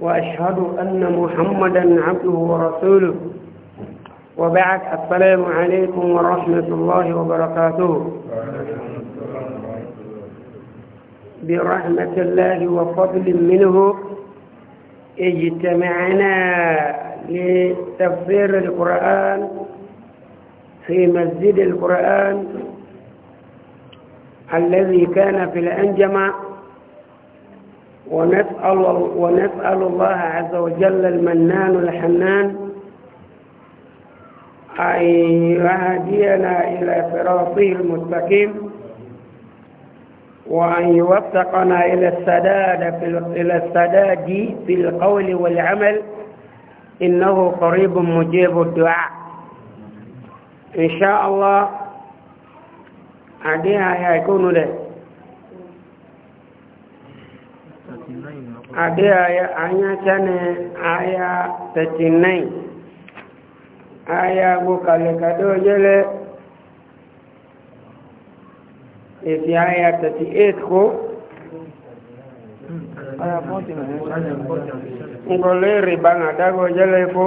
وأشهد أن محمدا عبده ورسوله وبعد السلام عليكم ورحمة الله وبركاته برحمة الله وفضل منه اجتمعنا لتفسير القرآن في مسجد القرآن الذي كان في الأنجمة ونسأل, ونسأل الله عز وجل المنان الحنان أن يهدينا إلى صراطه المستقيم وأن يوفقنا إلى السداد في إلى السداد في القول والعمل إنه قريب مجيب الدعاء إن شاء الله عليها يكون له ade aya anya chane aya 39 aya gokale kadojele eti aya 38 ko aya 40 ngole ribanga dago jele ko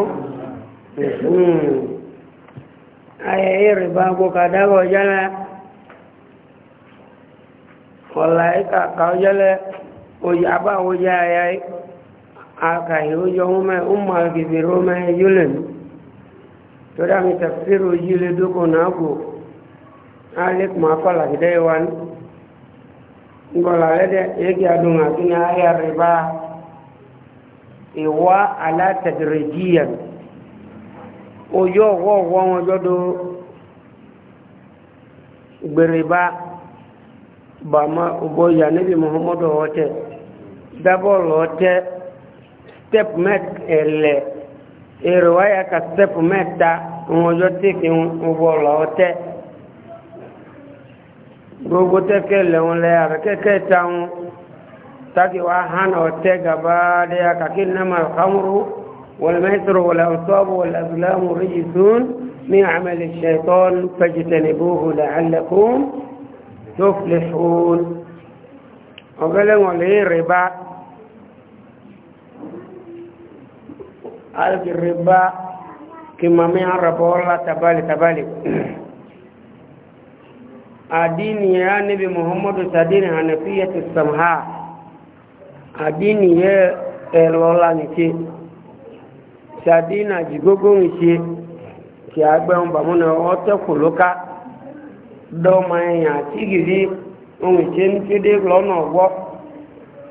hmm. aya e riba gokadago jele wala ika e kaujele oyi aba oyi aya aka yi oyi ome umma gibiri ome yulen tori ami tafsir oyi le doko na ago alik ma kola gide wan ngola lede yegi adunga kini aya riba iwa ala tadrijiyan oyo wo wo won jodo gberiba bama ubo ya nabi muhammadu wote double wote step met ele riwaya ka step meta ngojo tiki ubo wote gbogbo teke lewon le ara keke taun taki wa hana wote gaba de ya kakin nama alhamru والميسر والأنصاب والأزلام رجس من عمل الشيطان فاجتنبوه لعلكم tuflihun ọ̀gẹ́lẹ́wọ̀n lè rìbá alìrìbá kí mami arabọ́ ọlá tabali tabali àdínì ya níbi muhammadu sadini hanafiyatu samha àdínì yẹ ẹ̀rọ ọlá nìke sadina jigogo nìke kí agbẹ́hùn bàmúnà ọ́tẹ́kù lóka doma ya tigiri onwe che nkede gwa ona ogwo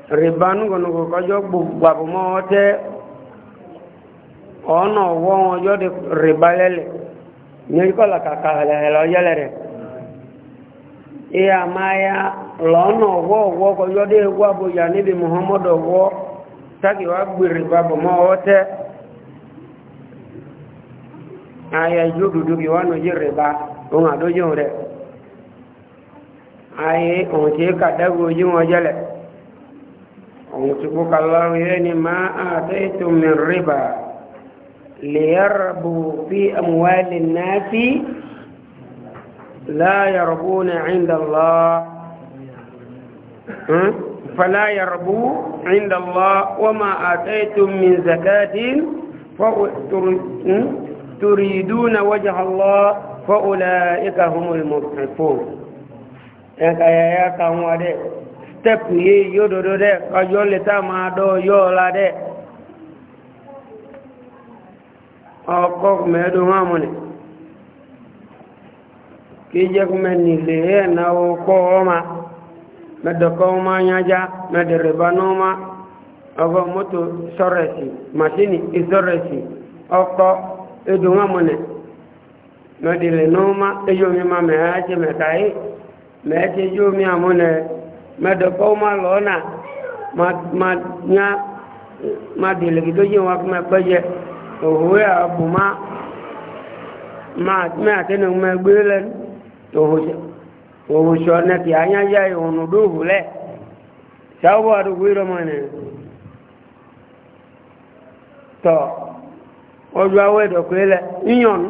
riba nugo nugo ka jo gbugwa bu mote ona ogwo won jo de riba lele ni ko la ka ka le lo yele re ya maya lo ona ogwo ogwo ko jo de gwa bu ya ni bi muhammad ogwo taki wa gbe riba bu mote aya yududu bi wanu jireba won adojo re ayé òun tí kàdẹ́gbò ojú wọn jẹ́lẹ̀ òun tí kó kàlọ́rùn yẹ́ ni máa àtẹ́ ètò mi rìbà lè yàrùbù fi àmúwálì náà fi láyàrùbù ní àìndàlọ́ فلا يربو عند الله وما آتيتم من زكاة تريدون وجه الله فأولئك هم المضعفون ẹ̀kà yẹ̀yẹ́ ka wọn dẹ̀ stẹ́pù yé yóò dòdó dẹ̀ kọjọ́ lè tá máa dọ́ yóò la dẹ̀ ọkọ̀ mẹ́ẹ̀dùn wọn mọ̀ nẹ̀ kí jẹ́ kúmẹ́ nílé ẹ̀náwó kọ́ ọmọ mẹ́dọ̀kọ́ ọmọ anyájá mẹ́dẹ̀rẹ̀bá náà ọkọ̀ mọ́tò sọ́rẹ̀sì màṣínì ìsọ́rẹ̀sì ọkọ̀ ẹ̀dùn wọn mọ̀ nẹ̀ mẹ́dẹ̀rẹ̀ náà ẹ̀yọ́ mi máa mẹ́ mẹ́ẹ̀tí jú mi àmúnẹ mẹ́dọ̀kọ́ ma lọ́nà ma nyá ma dìlìkì tó yíwa kí mẹ́ pẹ́jẹ òhúwé àbù má mẹ́ àtẹnu mẹ́ gbé lẹ́n òhùsọ nẹ́kì anyájá ìhùnù dóhù lẹ́ sáwọ́ àdúgbò ìrọmọ nẹ tọ́ ọjọ́ awọ́ ìdọ̀kọ́ lẹ́ yíyànnú.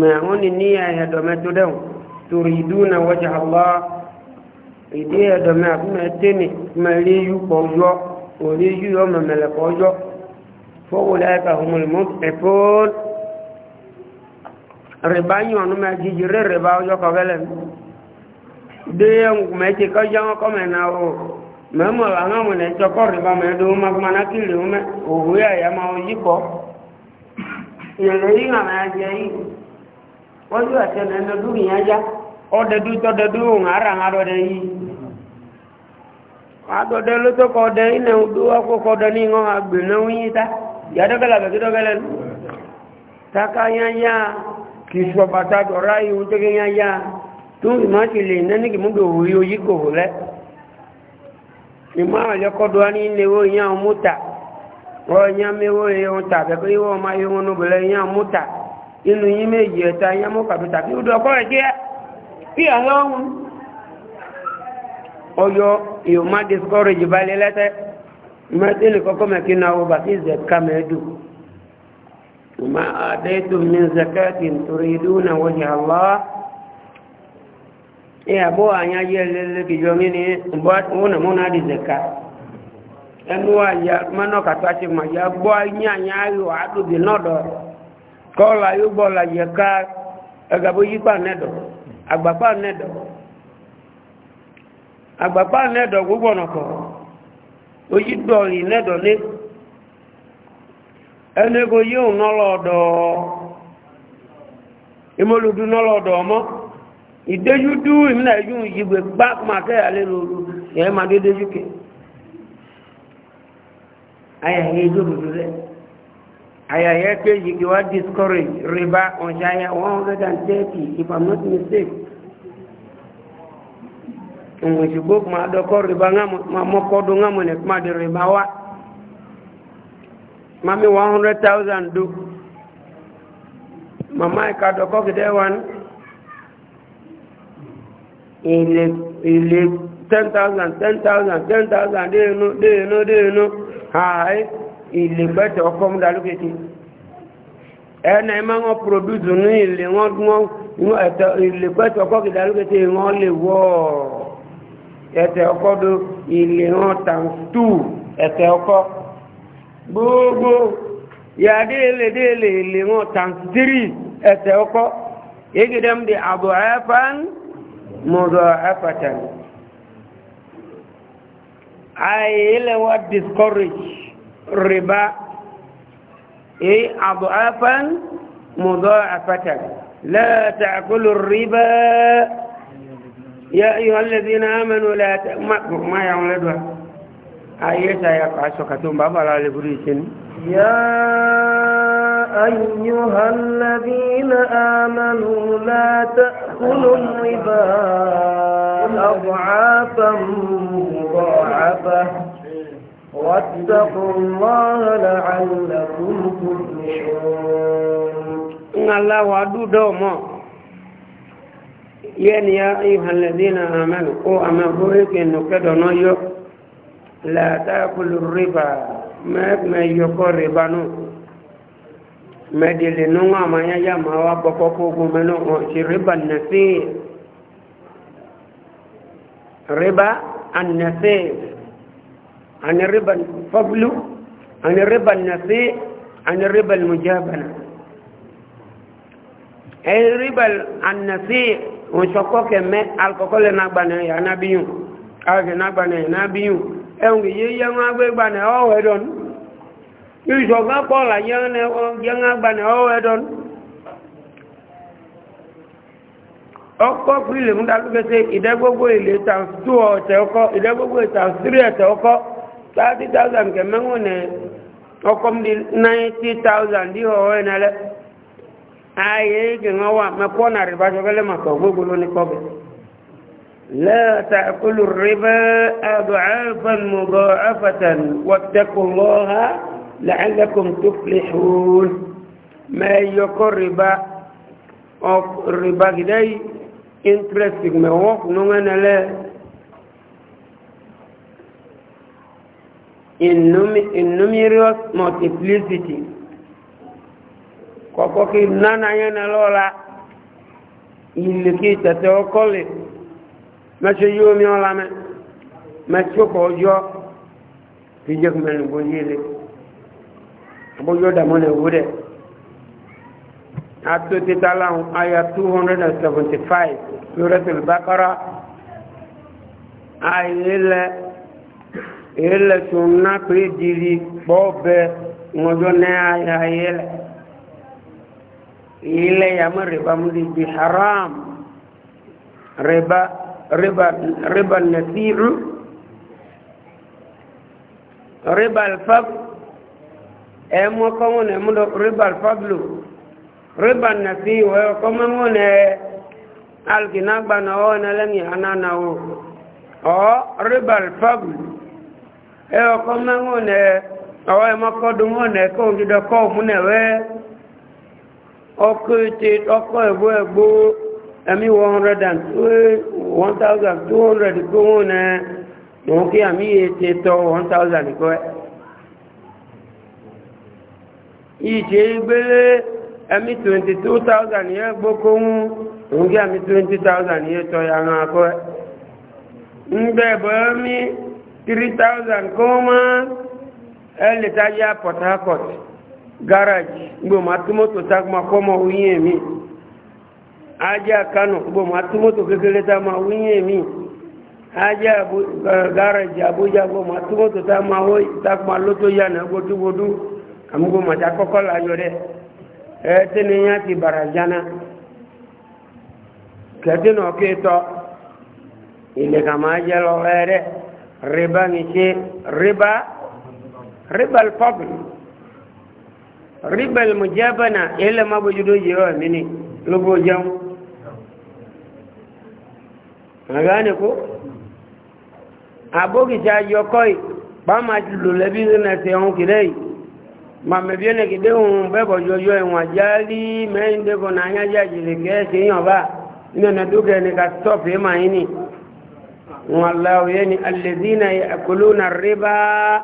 mẹ̀hún ni ní ẹ̀hẹ̀dọ̀mẹ́ tó dẹ̀wọ̀n torí ìdúnà wọ́jà lọ ìdí ẹ̀dọ̀mẹ́ àbúmẹ̀tẹ́nì mẹ́lẹ́ yúpọ̀ ọjọ́ òní yúyọ mẹ̀mẹ̀lẹ̀kọ̀ ọjọ́ fọwọ́lẹ̀ ẹ̀ka ọmọlùmọ́ ẹ̀fọ́ rìbá yàn mẹ́ jíjì rí rìbá ọjọ́ kọ̀ọ̀kẹ́lẹ̀ dé ẹ̀ǹkùmẹ́tì kọjá wọn kọ́mẹ̀nà o mẹ́mọ̀ làwọn ọmọ ẹ̀ tọkọ̀ rìbá mẹ́ẹ̀dọ́wọ́ mọ́kànlá kìlì òwúrẹ́ àyàmọ́ yíkọ́ ìrẹ̀lẹ́ yìí hàn máa jẹ yìí wọ́n ní ọ̀tẹ́ ẹ̀mẹ́ dúrù yẹn yá ọ̀dẹ̀dú tọ́dẹ̀dú òun ara ń arọ̀ ẹ̀ yìí adọ̀dẹ̀ ló tó kọ ọ̀dẹ̀ iná odó akókò ọ̀dẹ̀ ní ìwọ̀n agbè náà yín ta yàtọ̀kẹ́lẹ̀ àbẹ̀kẹ́dọ̀kẹ́lẹ̀ nù taka yányá kì í sọ bàtà dọ̀rọ̀ ayéwo tó kẹ́ yányá tó ìmọ̀ ti lè nání kì múdò òwò yóò yí kò wò lẹ́ ìmọ̀ àlẹ́ kọ́ do aní ilé wo ìyá ọmú ta ọ̀ ìyá mi wo ìyá ọmú ta bẹ́ẹ̀ kó ìwọ̀n ọmọ ayé wọn ní obìnrin ìyá ọmú ta. inú yín méjì ẹ̀ta yẹn mú kàpítà kí ó dọ̀ ọkọ̀ ẹ̀jẹ́ kí àlọ́ ọ̀hún ọyọ yóò má discourage balẹ̀ lẹ́tẹ́ mẹ́tẹ́lì kọ́kọ́ mẹ́kí náà wọ́n bá kí zẹ̀ká mẹ́dù ma àdẹ́tù min zakati torí dúnà wọ́n yà lọ́ ẹ àbọ̀ àyà yẹ lẹ́lẹ́ kìjọ mí ni wọ́n nà múnà di náà dọ̀rọ̀ Kọla yóò yẹka la yípa nẹ́dọ̀ àgbàpá nẹ́dọ̀ àgbàpá nẹ́dọ̀ gbogbo ọ̀nàkọ̀ oyí dọ̀lì nẹ́dọ̀ ní ẹnẹ́gbò yóò nọ́lọ́ọ̀dọ̀ ìmọ̀lùdú nọ́lọ́ọ̀dọ̀ ọmọ dú gbá ayẹyẹ aya yẹ pé yìí wá discourage riba ọ̀nṣáyà one hundred and thirty if i'm not mistaken ìwòsìgbò máa dọ́kọ́ riba máa mọ́kọ́dún ńàmù ní ma de riba wa. mami one hundred thousand do mama ìka e dọ́kọ́ kìdẹ́ wọn ilé ilé ten thousand ten thousand ten thousand dé inú dé inú dé inú ààyè ilé pẹ́tẹ̀ ọkọ́ múdà lókèké ẹ̀nà ẹ̀má wọn pòròdúsù ní ilé wọn dún ilé pẹ́tẹ̀ ọkọ́ kìdà lókèké wọn lè wọ́ ẹ̀tẹ̀ ọkọ́ do ilé wọn tàǹtù ẹ̀tẹ̀ ọkọ́ gbogbo yàdé èlédé èlé ilé wọn tàǹtìrì ẹ̀tẹ̀ ọkọ́ egidem di àbọ̀ ẹ̀fán mọ̀dọ̀ ẹ̀fàtàn ààyè ilẹ̀ wa discourage الربا أي أضعافا مضاعفة لا تأكلوا الربا يا أيها الذين آمنوا لا ت... ما, يعملوا أيسا يقع سكتون بابا لا لبريسن يا أيها الذين آمنوا لا تأكلوا الربا أضعافا مضاعفة واتقوا الله لعلكم تفلحون إن الله وعدو دوما يعني يا أيها الذين آمنوا قو أمرك إنه كده نيو لا تأكل الربا ما ما يكون ربا نو ما دلي نوع ما يجا ما وابكوكو بمنو ربا النسيء ربا النسيء عن الربا الفضل عن الربا النفيع عن الربا المجابنة الربا النفيع وشكوك ما الكوكول نابنا يا نبي أوكي نابنا يا نبي ẹ̀hùn yìí yẹ́ wọ́n agbégbà ní ọwọ́ ẹ̀dọ́n ìṣọ̀gbá pọ̀lá yẹ́ wọ́n agbà ní ọwọ́ ẹ̀dọ́n ọkọ̀ pílẹ̀ mú dálúgbẹ́sẹ̀ ìdẹ́gbógbó ìlẹ̀ tàn 2 ọ̀tẹ̀ ọkọ̀ ìdẹ́gbógbó ìtàn 3 ẹ̀tẹ̀ ọkọ̀ thirty thousand kẹmẹ ŋun nẹ ọkọ mi di ninety thousand di ọwọ yẹn lẹ ayé e kẹmẹ wa mẹ kọ na rìbá sọkẹlẹ ma kọ gbogbo lóni kọ bẹ lẹ́ẹ̀ta kúlù rìbá àdùcáfàn mọ̀gọ́ àfàtàn wọ́tẹ́kùnlọ́ha làálẹ́kùn tó filẹ̀ xùún mẹ yọkọ rìbá ọ rìbá gidẹ́yì interest mẹ wọ́n kùnú ẹ̀ nẹ lẹ́ẹ̀. in, num in numerous multiplicity kọ̀kọ́ kí nánà yẹn na lọ́la ilé kí tẹ̀tẹ̀ ọkọ́lẹ̀ mẹ́ṣẹ́ yóò mi ọ́la mẹ́ mẹ́ṣẹ́ kọ̀ ọjọ́ fi jẹ́ kí mẹ́rin bó yé lé abójọ́ dàmọ́ lè wú dẹ̀ ato títà láwọn aya 275 lórí ẹ̀sìn bákọ́rọ́ ayé lẹ́ ele tun na kpe diri kpɔbɛ ŋɔdzɔ ne aya yɛlɛ ile yame riba mu di bi haram riba riba riba nasiru riba alfab ɛmɔ e kɔmɔ ne mu do riba alfablu riba nasiru ɛyɔ e kɔmɔ mu ne alikina gbana ɔ ne lɛ ni ana na wo ɔ riba alfablu. e ọkọ mmanwụ na ọwa ịmakọdụmụ na eke ogide kọfụ na ewe ọkụ ite ọkọ egbo egbo emi 1,200 kọwụ na nwoke ami ete tọ 1,000 kọwụ ìṣe gbélé ẹmí 22,000 yẹ gbókó mú òun kí àmì 20,000 yẹ tọ́ ya rán akọ́ ẹ̀ ń bẹ̀bọ̀ ẹmí three thousand kó mọ́ ẹ lè ta yá port harcourt garage gbòmọ̀ atúmọ̀tò tagbọ̀n kọ́mọ oyin mi. ajá kánò gbòmọ̀ atúmọ̀tò kékeré tá ma oyin èmi ajá garage abuja gbòmọ̀ atúmọ̀tò tá ma ó tagbọ̀n lótó yànnà gbódúgbódú àmúgbòmọ̀ tá kọ́kọ́ la yọ dẹ ẹ tẹ́ni yá ti bàrà jana kẹ́tẹ́nà kéétọ́ ilẹ̀ kàmájẹ́ lọ́wọ́ ẹ dẹ́ riba ngi ci riba riba al fadl riba al mujabana ila ma bu judo je wa mini lu bo jam magane ko abogi ja yo koy ba ma lu le bi na se on kidai ma me bi ne kide un be bo yo yo en wa jali me inde ko na nya ja jile ke se yan ba ni na duke ni ka stop e ma yini والله يعني الذين يأكلون الربا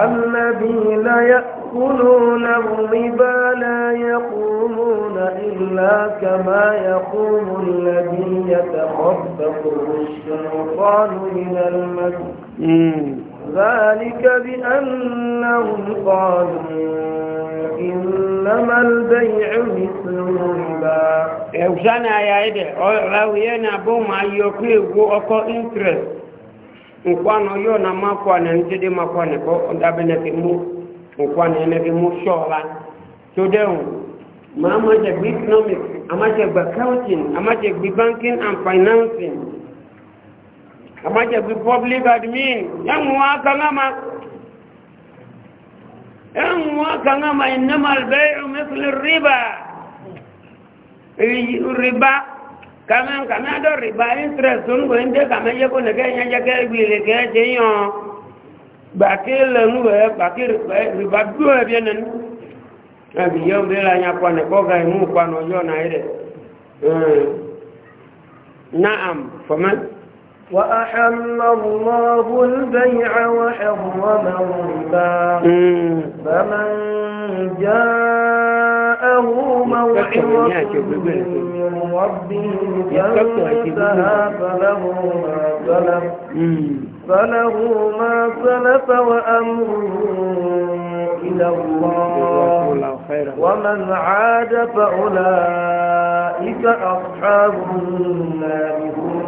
الذين يأكلون الربا لا يقومون إلا كما يقوم الذي يتخبطه الشيطان من المسجد ذلك بأنهم قالوا إنما البيع مثل الربا يوزانا يا إيدي بوم أيوكي na makwane ntidi makwane ko ndabe na ke mu nkwane na ke mu shola to dem mama je economics amaje gba accounting amaje gba amaje bi public admin yan wa kangama yan wa kangama innama al-bay'u mithl ar-riba riba kama kama do riba interest on go inde kama ye ko ne ga nya ga bi le ga je yo ba ke le nu e ba ke riba do e bien nan abi yo be la nya kwa ne ko ga mu kwa no yo na ire na'am faman وأحل الله البيع وحرم الربا فمن جاءه موعظة من ربه فانتهى فله ما سلف فله ما سلف وأمره إلى الله ومن عاد فأولئك أصحاب النار هم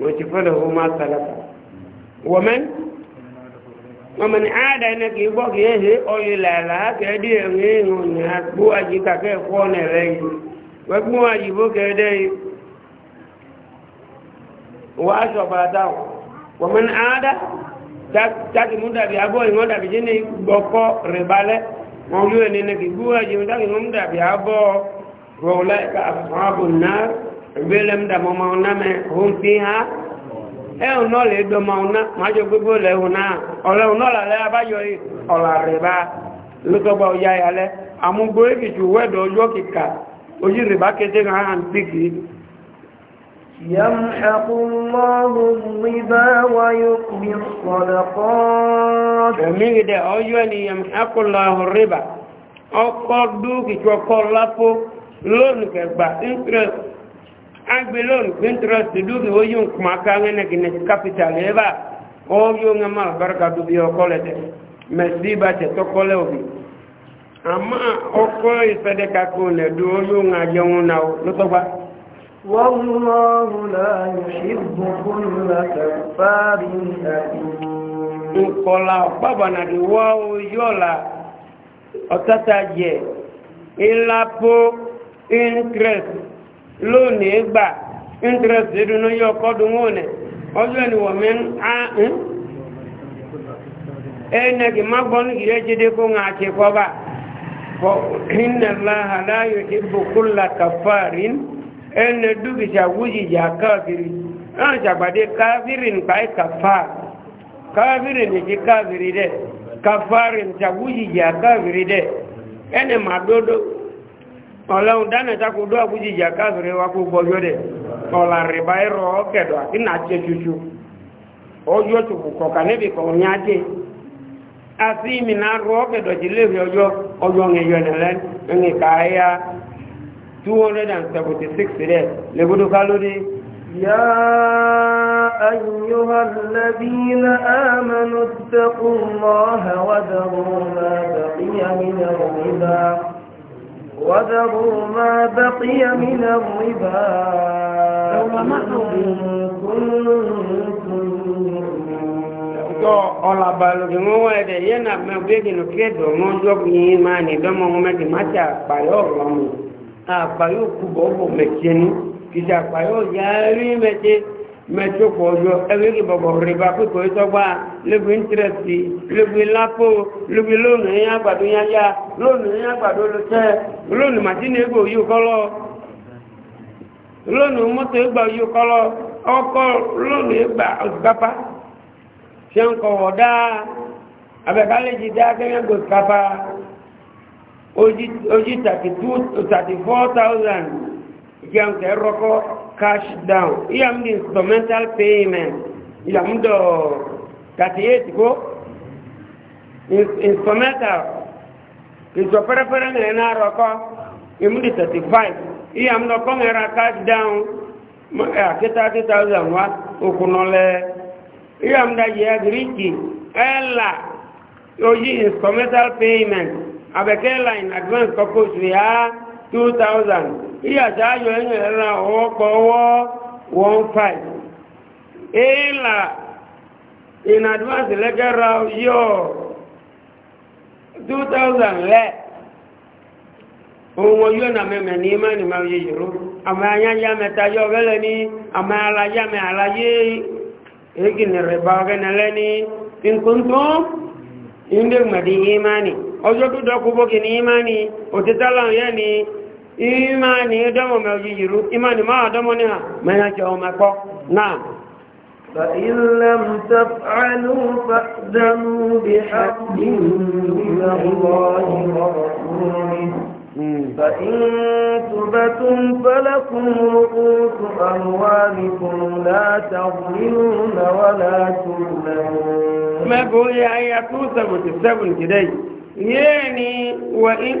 وتفله ما سلف ومن ومن عاد انك يبقى يه او لا لا كدي نين نكو اجي كاكه كون ري وكمو اجي بو كدي واشرب داو ومن عاد تاك مودا بي ابو مودا بي جيني بوكو رباله مولو انك يبقى اجي مودا بي ابو وأولئك أصحاب النار gbélé m dàmọ́ e ma ọ̀nà mẹ́ òun fi ha ẹ̀hùn náà lè dọmọ ọ̀nà májọ gbogbo ụlọ náà ọ̀lẹ́hùn náà lálẹ́ abájọ ọ̀là rìbá lótọ́gbà ọ̀yá yálẹ́ àmúgbó يمحق الله الربا الصدقات من ده يمحق الله الربا agbe lon ventros de dub ho yon kuma ka ngene gine capital eva o yo ngama barka du bi o kolete mesdi ba te to kole obi ama o ko i fede ka ko ne du o yo nga jon na o lo to ba wallahu la yuhibbu kull kafarin akim ko la baba na di wa o yo la o tata je ilapo in crest lóòní gbà interest dúnú yọ kọ́dún wọn nẹ ọjọ́ ni wọ́n mi ń á ń hm? ẹnẹ kì má gbọ́ ní kìí ẹ́jẹ́dẹ́ kó ń àti kọ́bà kọ́ iná láhàlá yóò ti bùkún la kàfàrí ẹnẹ dúkìsà wújìjà káàkiri náà ṣàgbàdé káàkiri nípa ẹ̀ kàfà káàkiri ní ti káàkiri dẹ kàfàrí ṣàwújìjà káàkiri dẹ ẹnẹ màdódó ọlọ́run dáná ìtakò dọ́ àbújì ìjà káàkiri wa kó gbọ́jọ́ dẹ̀ ọ̀là rìbá ẹ̀rọ ọ̀kẹ̀dọ̀ àti nàájẹ́ tuntun ọjọ́ tó kù kọ̀ọ̀kan níbi kan ní ajé àti ìmìnà rọ ọ̀kẹ̀dọ̀ ti léèrè ọjọ́ ọjọ́ ẹ̀yọ nìlẹ́ ẹ̀yìn káyà two hundred and seventy six rẹ̀ lẹ́gbọ́dọ̀ kálódé. يا أيها الذين آمنوا اتقوا الله وذروا ما بقي وذروا ما بقي من الربا tɔ ɔlabalodi ŋo wɛrɛ dɛ yɛna mɛ o bɛ gɛnɛ kɛ dɔn ŋo jɔ kun yi ma ni dɔmɔ ŋo mɛ dima tɛ akpayɔ lɔmu akpayɔ kubɔ bɔ mɛ tiɛni kisɛ akpayɔ yaari mɛ tɛ mẹ́tòkò ọjọ́ ẹgbẹ́ kí bọ̀bọ̀ rìbá pípọ̀ ìtọ́gbà lóbi íńtírẹ̀tì lóbi lápò lóbi lónìí ní àgbàdo yáyá lónìí ní àgbàdo lọ́tẹ́ lónìí màtínì egbò yóò kọ́lọ́ lónìí mọ́tò egbà yóò kọ́lọ́ ọkọ́ lónìí egbà òsìkápá ṣe ń kọ̀ abẹ́kálẹ́jì tàkì rọ́kọ́. cash down iyam di instrumental payment iyam do 38 ko instrumental kìsọ pẹrẹpẹrẹ nìyẹn náà rọ kọ iyam di 35 iyam do kọ́ ngẹ́ra cash down àti 30,000 wa òkùnà lẹ iyam da yẹ gíríkì ẹ̀là oyi instrumental payment abẹ́kẹ́ line advance kọ́kọ́ via ya 2000 ìyàjá ayọ̀ ẹ̀yìn ẹ̀rà ọwọ́pọ̀wọ́ 15 èèlà in advance lẹ́gẹ́ ra yọ 2000 lẹ́ ohun yóò nà mẹ́mẹ́ ní imá ni máa yẹ yòró àmà ayáyá mẹ́ta yọ ọ̀gẹ́lẹ̀ ní àmà aláyá mẹ́ aláyé èkìnnì rẹ̀ bá ọ̀gẹ́nẹ̀lẹ́ ní nkùntún ìndé mẹ́dí imá ni ọjọ́ tó dọ́kú bókì ní imá ni òtítàlá yẹ́ ni imani domo meojijiru imani maa domo ni ha meyacho umeko naam فإن لم تفعلوا فأذنوا بحق من الله ورسوله فإن تبتم فلكم رؤوس أموالكم لا تظلمون ولا تظلمون ما بقول يا أيها 277 يعني وإن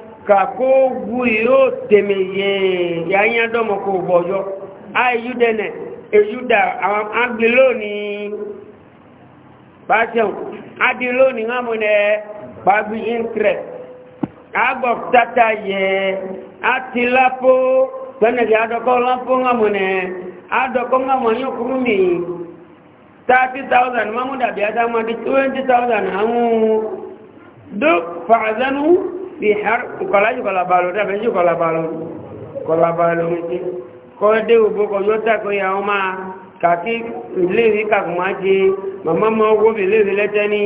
kako wu yóò tèmi yéé yà ne yá dọ́mọ kó bọ̀jọ́ àìyú dẹ́nẹ̀ èyú dà àwọn agbe lónìí pàṣẹwò adi lónìí wọn mú nẹ pàbí interest agbọ̀ tata yẹ àti lápò gbẹ́nẹ̀gì adọ́kọ́ lápò wọn mú nẹ adọ́kọ́ wọn mú yín kúrú mi thirty thousand wọn mú dàbí di twenty thousand àwọn dó fàzánú bi har ukalaju kalabalo da beju kalabalo kalabalo ti ko de ubo ko yota ko ya oma kaki lewi ka kuma ji mama ma wo bi lewi letani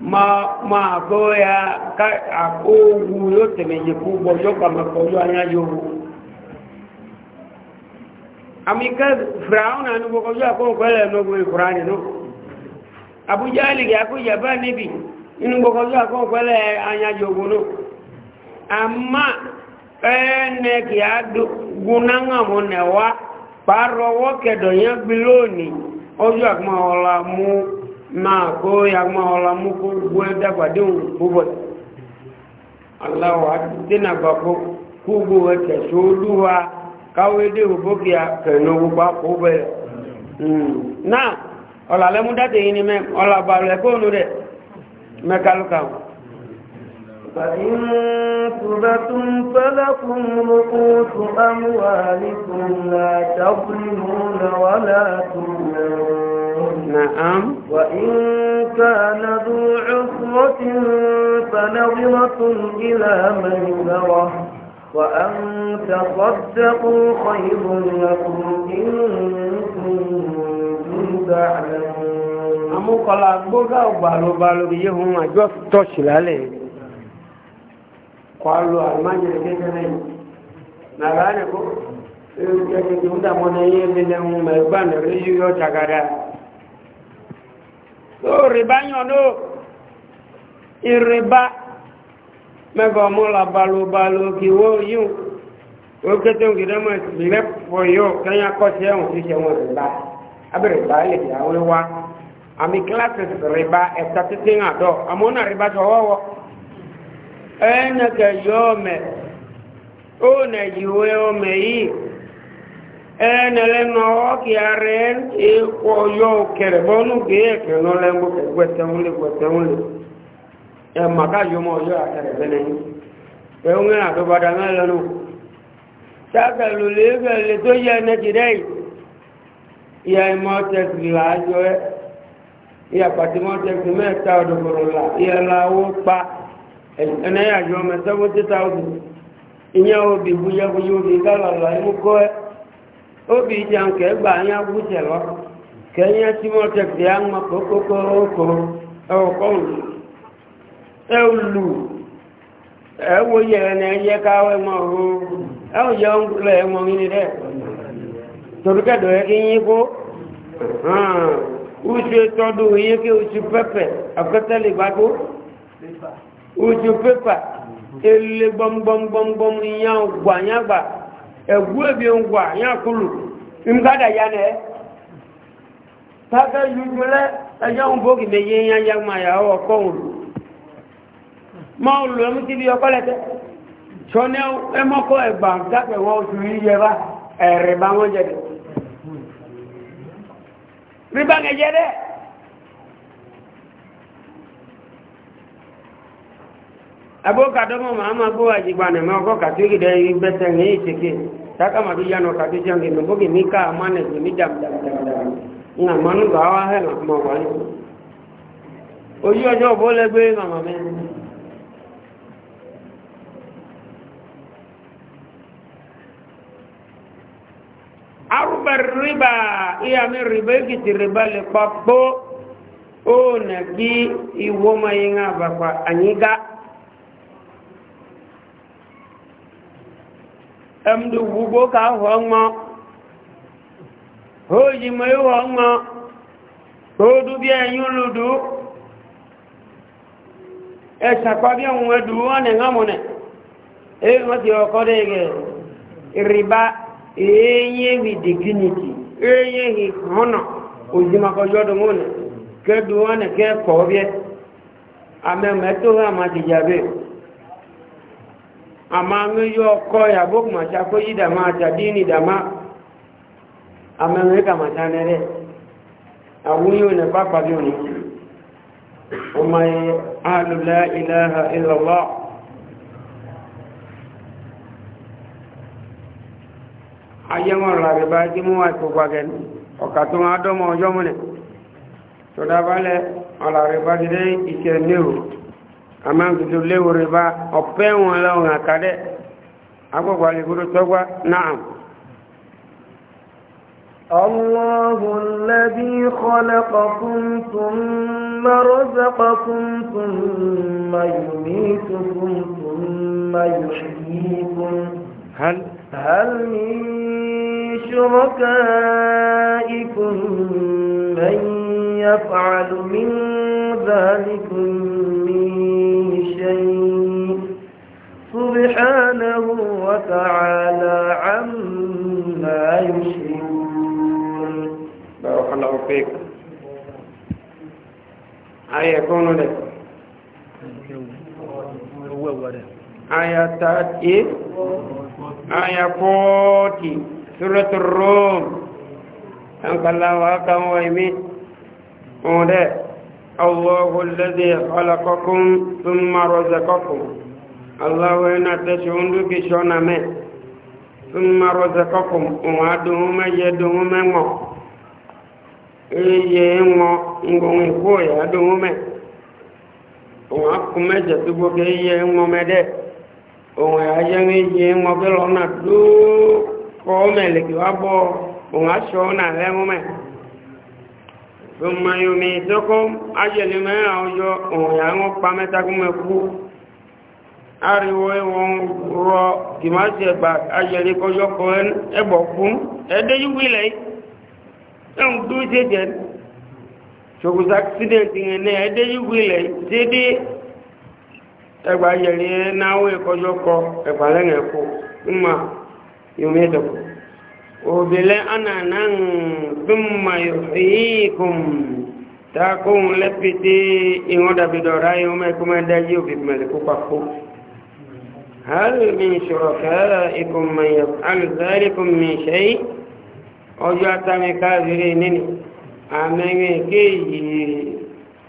ma ma ko ya ka akowu yo temeje ku bo yo kama ko yo anya yo amika frown anu le no bo qur'ani no abuja ali ya ko ya ba nibi inu bo ko le anya yo no àmá ẹ̀ẹ́nẹ kì á gúnáńgà mọ́ nẹ̀wá pàárọwọ́ kẹ̀dọ̀ yẹn bí lónìí ọjọ́ àgbọ̀n ọ̀la mú máa kó àgbọ̀n ọ̀la mú kó gbọ́ ẹ̀dàgbàdé òun púpọ̀ ya. ọ̀làlẹ́mú dáte yìí ni mẹ́ rẹ̀ mẹ́kálùkà wọn. فإن تبتم فلكم رؤوس أموالكم لا تظلمون ولا تظلمون نعم وإن كان ذو عسرة فنظرة إلى ميسرة وأن تصدقوا خير لكم إن كنتم تعلمون أمو قال أبوك أو بالو بالو يهم أجوك توشي kwalu almanya ne keke ne na gane ko keke ki unda mona ye mine mu me ban re yu yo chagada so ribanyo no iriba mego mo la balu balu ki wo yu o keto ngire mo bile fo yo kanya ko se on ti se mo riba abere ba le ya we wa ami classes riba e starting ado amona riba to wo ẹnẹkẹ yọ ọmẹ ó nẹ yìí ọmẹ yìí ẹnẹlẹnu ọkì arẹ ẹkọ yọ kẹrẹ bọnú kẹ ẹkẹ lọlẹ ń bọ gbẹtẹun lé gbẹtẹun lé ẹmà káyọ mọ ọyọ àtẹrẹ bẹlẹ yìí ẹwọn ẹ àdọbadà mẹlẹnu sákẹlù lẹẹkẹlẹ tó yẹ ẹnẹkì dẹ yìí ìyá ẹmọ tẹsí làájọ ẹ ìyá pàtìmọ tẹsí mẹta ọdọkọrọ là ìyá làwọ pa ẹ̀nà àjọ ọmọ 70,000 ìyẹn obì búyẹ́búyẹ́ obì gálàlà inú kọ́ ẹ́ obì ìjàn kẹgbà ayá gúúsẹ̀ lọ kẹyẹ tí wọ́n tẹ̀sí àmọ́ kókókó ọkọ̀ ọkọ̀ọ̀n ẹ lù ẹ wo yẹ ẹ̀nà ẹyẹ káwẹ́ mọ́ o ẹ ò yẹ ọ̀nkulẹ̀ ẹ mọ́ yín dẹ́ torúkẹ́dọ̀ ẹ kí yín kó ó ṣe tọ́dún yín kí ó ṣe pẹ́pẹ́ àfẹ́tẹ́lẹ̀ gbàgbó ojú pépà ele gbọmgbọmgbọmgbọm ya ngwa ya gba egwu ebi ngwa ya kulu mkada ya na pàtó yujulẹ ẹjọ ń bógi mi yé ya yagma ya ọkọ òlu mọ òlu ẹmu ti bi ọkọ lẹtẹ sọni ẹmọkọ ẹgbà e gàkẹ wọn oṣù yìí yẹ bá ẹrẹ bá wọn jẹ dẹ rí bá kẹ jẹ dẹ. aboka domo mama go aji bana ma go ka tuki de bete ni cheke taka ma biya no ka tuki ange no bogi mika amane na manu gawa he na mo wa ni oyi ojo mama me riba iya mi riba ki riba le papo o na ki iwo ma ẹmdù gbogbo ká họ́ ńmọ́ ó yí mọ́ ìwọ̀ ńmọ́ ó dú bí ẹ̀yún lùdú ẹ̀ṣàpá bí ohun ẹ̀dù wọ́n nẹ̀ ńgámùnẹ̀ èyí wọ́n ti ọkọ́ dẹ̀ gẹ̀ ìrìbá èyí hì dìgínìtì èyí hì hànà òjìmọ̀kọjọ́dún mọ́nà kẹ́dù wọ́n nẹ̀ kẹ́kọ̀ọ́ bí amẹ́mẹ́tò hàn máa ti jàbẹ́ ama ŋe yɔ kɔ ya bo kuma tsa ko yi dama ta diini dama ame ŋe kama ta ne dɛ awu yi wone kpakpa bi wone o ma ye alu la ilaha illallah ayɛŋɔ labi ba ti mu wa ko gbagɛ nu ɔka tó ŋa dɔmɔ ɔjɔ mu ne tó daba lɛ ɔlabi ba ti dɛ amangitu lewore ba ọpẹ́wọ̀n lọ́wọ́n àkàdẹ́ agbọ́gbà lèkúrò tọ́gbà náà الله الذي خلقكم ثم رزقكم ثم يميتكم ثم يحييكم هل هل من شركائكم من يفعل من ذلك من شيء سبحانه وتعالى عما يشركون بارك الله فيك أي يكون لك آية تأتي aya 40 suratul rum an kallawa kan waimi ode oh, allahu alladhi khalaqakum thumma razaqakum allahu ina tashundu ki me thumma razaqakum wa duhuma yaduhuma iye ko wa iye mede òun àjẹ́ méjì wọn pé lọ́nà tó kọ́ mẹ́lẹ̀ kí wá bọ́ òun aṣọ náà lẹ́mọ́mẹ́ tó mọ yomi tókọ́ ajẹ́lẹ̀ mẹ́rin ọjọ́ òun yà wọ́n pa mẹ́takúnmẹ́kú ariwo wọn rọ kìmáṣí ẹgbà ajẹ́lẹ̀ kọjọ́ kọ ẹbọ̀ fún ẹdẹ́yìwí lẹ́yìn ẹ̀hùn tó ṣe jẹ́ ẹgbà yẹ̀rí náwó ìkọjọ́ kọ ẹgbà lẹ́yìn ẹ̀kọ́ mma yomi ẹ̀dọ̀kọ̀ òbílẹ̀ ànànà gbọ́mà yòókùn takùn lẹ́pìtì ìwọ́n dàbí dọ̀rá yóò mẹ́kọ́ máa dájí òbí mẹ́lẹ̀ kó pàkó هل من شركائكم من يفعل ذلكم من شيء أجعتم كافرين أمامي كي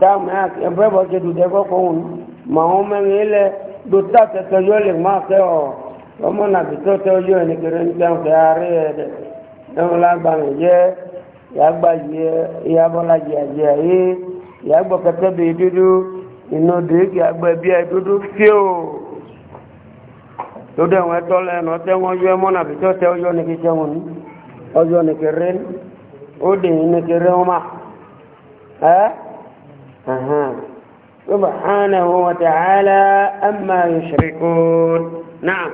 táàmù ẹ̀bẹ́bọ̀ ṣe dùdẹ́ kọ́kọ́ òun mà wọ́n mẹ́rin ilẹ̀ dòtà tẹ̀tẹ̀ yóò lè máa fẹ́ ọ̀ ọmọ nàbì tó tẹ́ ojú ẹni kéré ń tẹ́ ń fẹ́ ẹ̀hún lágbàmì jẹ́ ìyàgbà ìyàbọ̀lá ayé ìyàgbọ̀ kẹtẹ́ dúdú iná bí ẹ dúdú tó dẹ̀ wọ́n tọ́ lẹ́nu ọtẹ́ wọn ẹmọ nàbì tó tẹ́ ojú ẹni ẹni أها سبحانه وتعالى أما يشركون نعم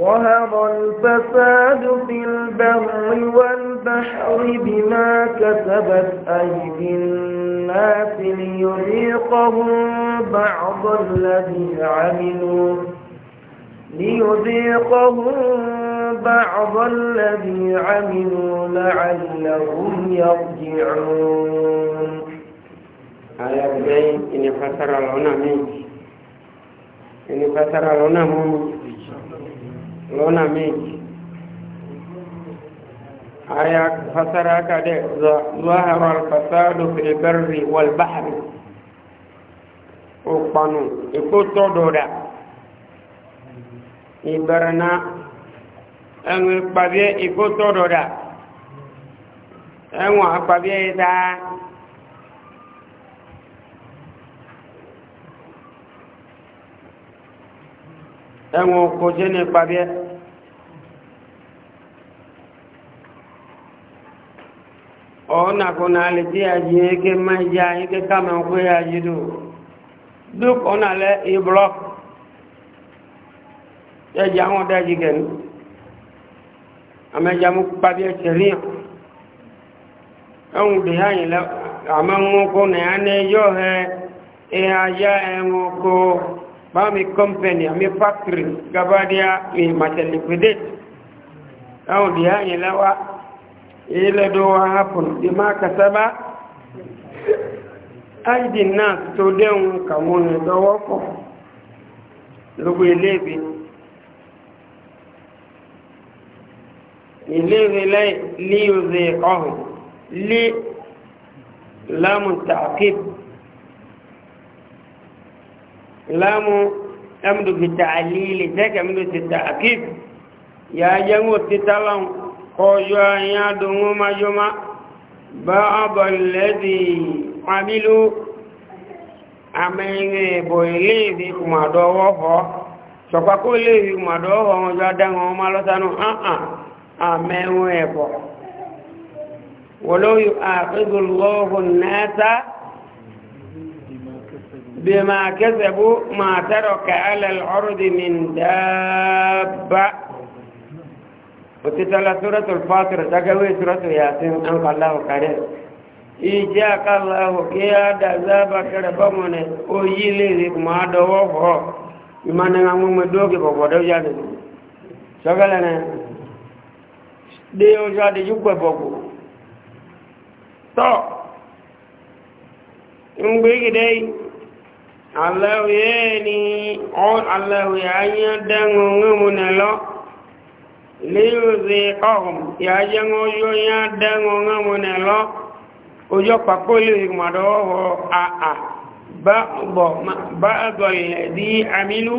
ظهر الفساد في البر والبحر بما كسبت أيدي الناس ليذيقهم بعض الذي عملوا ليذيقهم بعض الذي عملوا لعلهم يرجعون آيات بين إن فسر لنا منك إن فسر لنا منك لنا منك آيات فسر كده ظهر الفساد في البر والبحر وقانون يكون تدورا ìbẹ̀rẹ̀nà ẹ̀wọ̀n ìpàbí ikó a. ẹ̀wọ̀n àpàbí ẹ̀dá ẹ̀wọ̀n kò jẹ́ ní ìpàbí ẹ̀ ọ̀nà kò náà lè tí máa kàmẹ́ dùn dùk ọ̀nà ìbúlọ́kù ẹjẹ àwọn dájí gẹ̀ẹ́nu àmẹ́jà mú pàbí ẹ̀tẹ̀ rí ẹ̀hùn dè áyìn àmẹ́mọ́kọ́ nìyà ní yọ́ ẹ ẹ̀yà ẹ̀mọ́kọ́ bá mi kọ́mpẹ̀nì àmì fákìrì gabadíà mi màtẹ̀lẹ̀kùdé ẹ̀hùn dè áyìn lẹ́wà ilẹ̀dọ́ wa hapun di máa kàsábá áìdì náà tó dẹ́hùn kàmúnù lọ́wọ́kọ̀ lógo ilé ìbí ليذيقهم لي لام التعقيب لام أمد في التعليل ذاك أمد في التعقيب يا جمو تتلم قوجوا يا دموما جمع بعض الذي عملوا أمين بويلي في كما دوه سوكا كل في كما دوه وجادا وما لسانو أه أه àmẹ́wọ̀n ẹ̀bọ̀ wọ́lọ́yù àfẹ́gùnlọ́hùn náà bí máa kẹsẹ̀bú máa tẹ́rọ kẹ́ẹ̀lẹ̀ ọ̀rọ̀dì ní dáàbá òtítọ́lá sórẹ́tùl fàtìrì dágẹ́wé sórẹ́tù yàtín an kàláhù kàrẹ́ ìjẹ́ àkàláhù kí á dàzábà kẹrẹ bọ́mọ̀nẹ̀ ó yí lè rí máa dọwọ́ fọ́ ìmánà àwọn ọmọdé òkè de ojú adéjú pẹ̀bọ̀gbò tọ́ ń gbé gidẹ́ alẹ́wìyẹ́ ni alẹ́wìyẹ́ ayé dẹ́nu ńmúnẹ lọ léyòzè kọ́hùn ìyájẹ́ ojú ayé dẹ́nu ńmúnẹ lọ ojú pàpọ̀ lè mọ̀dọ́wọ́ àà bá àgọ̀lẹ̀ dí àmìlú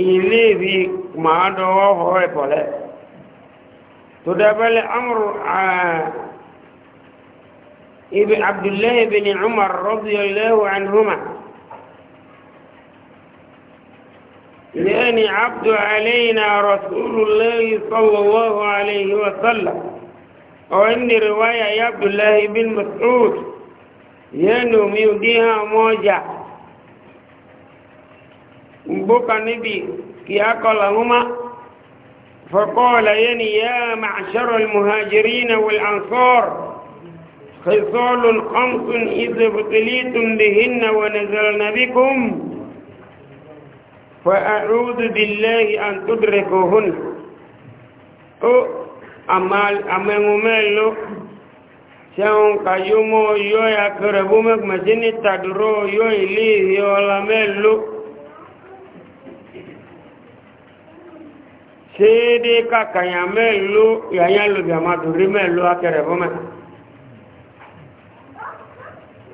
ìléèbí màá dọwọ́ họ ẹ̀pọ̀lẹ́ tó dábẹ́lẹ̀ amúrù ibi abdullahi bin umar radiyallahu anhuma لأني عبد علينا رسول الله صلى الله عليه وسلم وإن رواية عبد الله بن مسعود ينمي بها موجه مبوكا نبي كياكل هما فقال يني يا معشر المهاجرين والأنصار خصال خمس إذا ابتليتم بهن ونزلنا بكم فأعوذ بالله أن تدركوهن أو أمال أمامل sẹ́wọ̀n kàyọ́mọ́ yọ́ ya kẹrẹ̀bú mẹ́kùnmẹ́sí ní tàdúró yọ́ ilé ìhẹ́ seede ka kanya melo yanya lo bi amadu ri melo akere bo me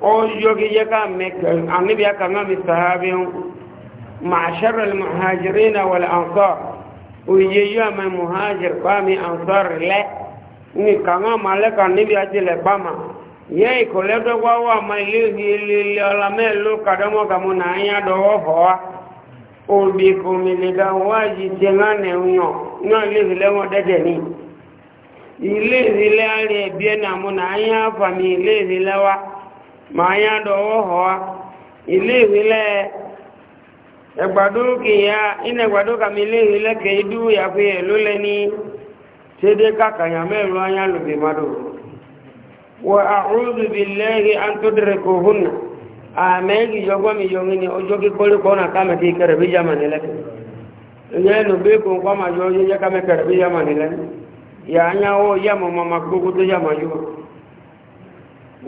o yogi ye ka me ani bi aka ngami sahabi ma'shar al muhajirin wal ansar o ye yo ma muhajir ba mi ansar le ni kanga male ka ni bi ati le ba ma ye ko le do wa wa ma ile ile ala melo ka do mo ka mo na anya do ho wa obi kòmìnìkà wáyé tí ńlá nẹ̀wọ̀n náà lè fi lẹ́wọ̀n dẹ́dẹ̀ ní ilé ìrìnlẹ̀ àárẹ̀ ẹ̀bí ẹ̀nà múnà ayé àfàmì ilé ìrìnlẹ̀ wa ma ayé àdọ̀wọ́ họ́ wa ilé ìrìnlẹ̀ ẹgbàdókè ya iná ẹgbàdókàmì ilé ìrìnlẹ̀ kẹ́ẹ̀dú yàfẹ́ ẹ̀ ló lẹ́ ní tẹ́dé kàkàyà mẹ́rù ayé àlùbẹ̀mọ́dọ̀ wọ àrùn bìbí lẹ́yìn àtúndẹ̀rẹ̀kọ̀ hùnà àmẹ́gì jọgbọ́n mi yọ ní ọjọ́ kíkọ́lẹ̀ kọ́nà kámẹ́kì kẹrẹ̀bí germany lẹ́nu ìyẹn ló bí kò kọ́ máa yọ ọjọ́ jẹ́ kámẹ́ kẹrẹ̀bí germany lẹ́nu ìyá anyáwó yàmọ̀ mama gbogbo tó yàmọ̀ yọ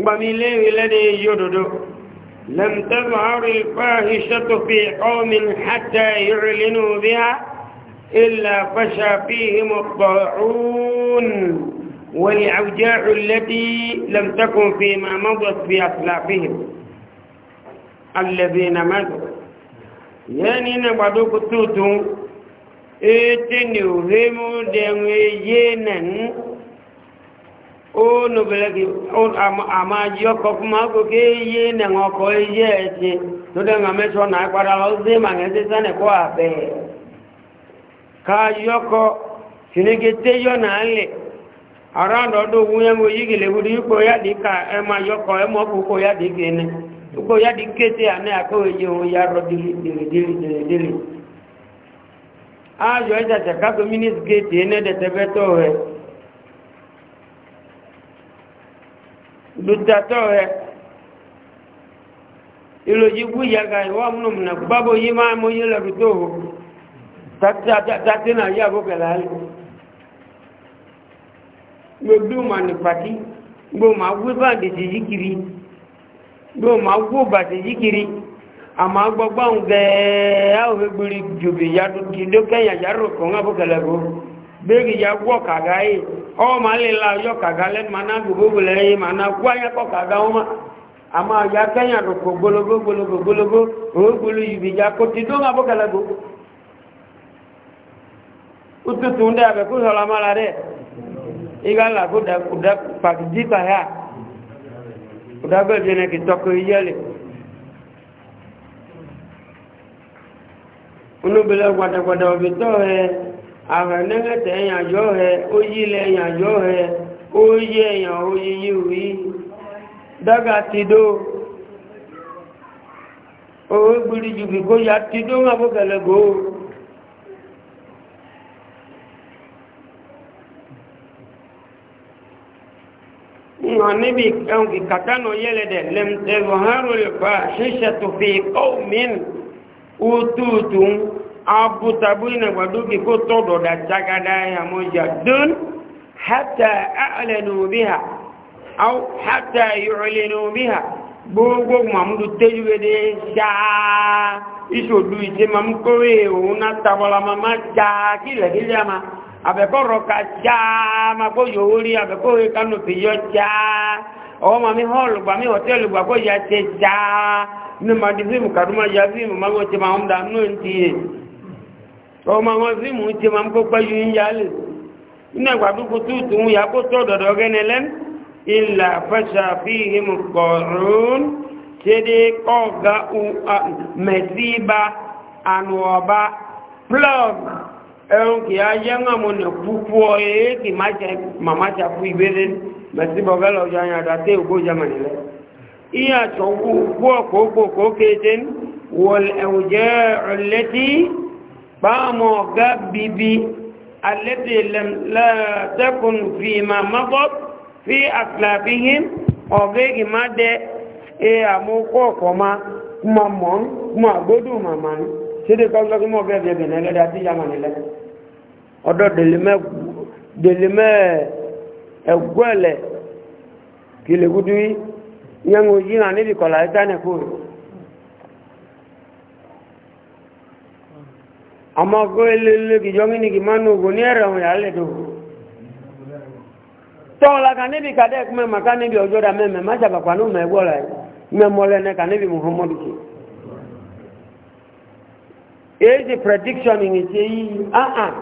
gba mi léèrè lẹ́nu yí òdòdó lẹ́mtẹ́lù àárín ìfẹ́ ìṣẹ́tò fi ọmọ hàtẹ́ ìrìnlẹ́nu bí a ilẹ̀ fẹ́ṣà fi ìmọ̀ pọ̀rún والأوجاع التي لم تكن فيما مضت في أسلافهم alẹ́bìnà mẹ́lò yẹ́ nínú gbàdókò tuntun ètè ní òhèmú dẹ̀rùn eyé nẹ̀nú ó nùbẹ̀lẹ́gì àmàjí ọkọ̀ fún máa gòkè eyé nẹ̀nù ọkọ̀ eyé ẹ̀ṣẹ́ tó dẹ̀rùn àmẹ́sọ̀ náà padà lọ sí màgẹ́sẹ̀ sánẹ̀kọ́ àbẹ̀ káyọkọ̀ sinigete yọ náà lẹ̀ aráàdọ̀dọ̀ òun yẹn mo yí gèlè wúdi yípo yá yá tukpo ya di kete ane ako eje ya ro dili dili dili dili dili ajo ah, eja chaka ko minis gate ene de tebeto he dudato he ilo jibu ya ga wa mnu mna babo yima mo yela ruto takta tatina ya go kalali gbogbo ma ni pati gbogbo ma gbe yóò máa gbó bàtẹ̀ yíkiri àmà gbọgbọ́ gẹ̀ẹ́ àwọn egbèrè jùbì yàdùkìdó kẹ́yà yàrò kan àbúkẹ̀lẹ̀kọ́ bẹ́ẹ̀kì ya gbọ́ kàgá yìí ọwọ́ máa lè la ọyọ́ kàgá lẹ́nu máa ná gbogbo lẹ́yìn máa ná gbọ́ ayẹ́ kọ́ kàgá wọn má àmà ya kẹ́yà dùkò gbólógó gbólógó gbólógó òwe gbóló jùbì ya kò ti dó àbúkẹ̀lẹ̀kọ́ ututu ń dẹ́ abẹ́kú sọ̀rọ̀ àmàlà dẹ́ ìgbà làkú dàkú dàkú pàtìdí pàyà. udagoje na kitoko ijele unubele gbadagbada obitohe ahẹnẹgẹ tẹ ẹyàn àjọ hẹ oyi ilẹ ẹyàn àjọ hẹ oyi ẹyàn oyi yíwí ti dó o gbìrì jù ya ti dó ńlá bó ìhàn níbi ẹ̀hùn kìkàtánà yẹ́lẹ̀dẹ̀ lẹ́mtẹ̀rọ̀hárùn-ún abutabu ina gbadoki ko todo da tagada ya moja dun hatta a'lanu biha aw hatta yu'linu biha gbogbo mamudu tejuwe de saa isodu ise mamukowe na tabola mama jaa abẹ́kọ̀rọ̀ ka jáá ma kó yòówó rí abẹ́kọ̀rọ̀ kanopi yọ jáá ọwọ́ oh, ma mi hall gba mi hòtẹ́ẹ̀lì gba kó ya ṣe jáá ní ma di fíìmù kàdúmà ya fíìmù ma wọ́n ti ma ń da nù ń ti yẹ oh, ọwọ́ ma wọ́n fíìmù ti ma ń kó pẹ́ yìí ń yá lè nínú ń yà kó tó dọ̀dọ̀ gẹ́nẹ lẹ́n ilà fẹ́sà fíìhìm kọ̀rún ṣédé kọ́ọ̀gá mẹ̀síba ànú ọba ẹ̀rùn kì á jẹ́ ńàmọ̀ nà púpọ̀ èé kì màmá jà fún ìgbélé mẹ̀sí bọ̀gẹ́ lọ jọ àyàn àdáté ògbó germany lẹ iye àtọ̀ wú ọ̀pọ̀ ògbòkó kéde wọl ẹ̀wùn jẹ́ ọ̀lẹ́tí pàmọ̀ ọ̀gá bíbí alẹ́tí lẹ́tẹ́kùn fi màmá bọ́ fi àfìlàfihìn ọ̀gẹ́ kì má dẹ ẹ àmúkọ̀ ọ̀kọ̀ má kúmọ̀ mọ́ kúmọ̀ àgbódùn màmá ní sídìí kọ́ lọ́gbọ́n ọ̀gẹ́ bẹ̀rẹ̀ lẹ́dàá sí germany lẹ́dàá ọdọ dèlímẹ dèlímẹ ẹgbẹlẹ kìlẹkudu yi yẹn ŋo yi hàn níbi kọlà ẹgbẹ ní kúrò àmọ kó elele kìjọ mi ni kì má nù ògò ní ẹrẹ òun yà á lè tó tọ́wọ́lá kan níbi kàdé ẹ̀kúnmẹ́ màkà níbi ọjọ́ dà mẹ́mẹ́ má ní ọmọ ẹgbọ́ rẹ̀ mẹ́mọ́lẹ́ ní níbi muhammadu kì èyí ti prediction ìyẹn ti yí áhàn.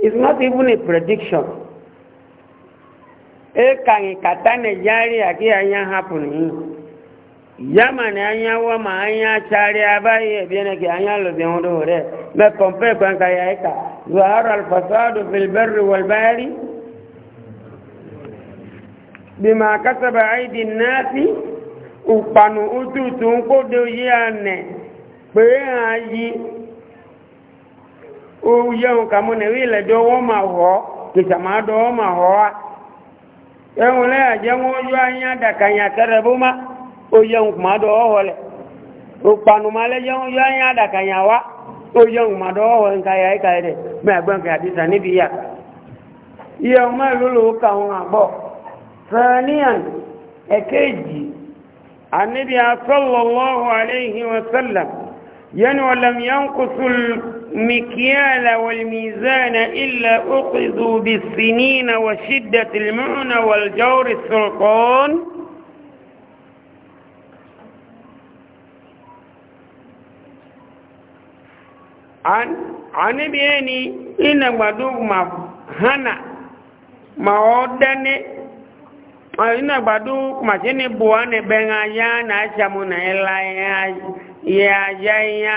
It's not even a prediction. E kanyi kata Nigeria aki anya happening. Yama ni anya wama anya chari abaye biene ki anya lo biondo hore. Me kompe kwa nka ya eka. Zuhara al-fasadu fil berri wal bahari. Bima kasaba aidi nasi. Upanu utu tunko de uye ane. Pe ayi o yẹun kàmú ní rí ilẹ̀ dọ́ wọ́n máa họ́ kìtà máa dọ́ wọ́n máa họ́ wa ẹ̀hùn lẹ́yà jẹ́ wọ́n yọ dàkànyà tẹ́rẹ bó má o yẹun kùmá dọ́ ọ̀họ́ lẹ̀ o pànù wọ́n yọ ayá dàkànyà wa o kùmá ọ̀họ́ dẹ̀ àdìsá níbi yà má lólo kàwọn àbọ̀ àníbi يعني ولم ينقصوا المكيال والميزان إلا أخذوا بالسنين وشدة المعنى والجور السلطان عن عن بيني إن بدوك ما هنا ما ودني إن بدوك ما جنبوان بين أيان أشامون إلا أيان ihe aja ya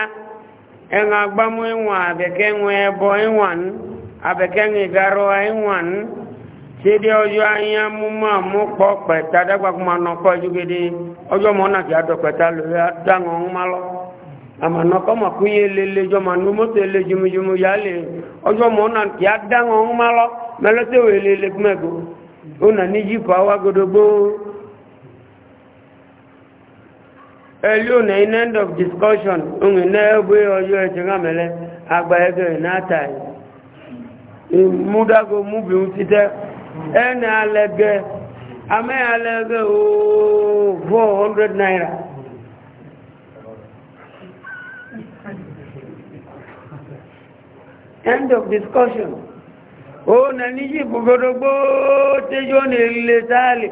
enwe agbamu enwe abeke enwe ebo enwan abeke enwe garuwa enwan tidi ọjọ́ anya múmọ́ àmúpọ̀ pẹ̀ta dágbàkúmọ̀ nọ́kọ́ ìjúgede ọjọ́ mọ́ náà kí a dọ̀ nu ele kí a dáhùn pa e ndị end of discussion e ndị ebe ndị ebue ọjọọ ụzọ agba ego na-ata ya ịmụ ndagọ ịmụ gị ewu site alege ame alege oooo n400. end of discussion o na n'iji fọdụrụ gboo tedu onye n'eli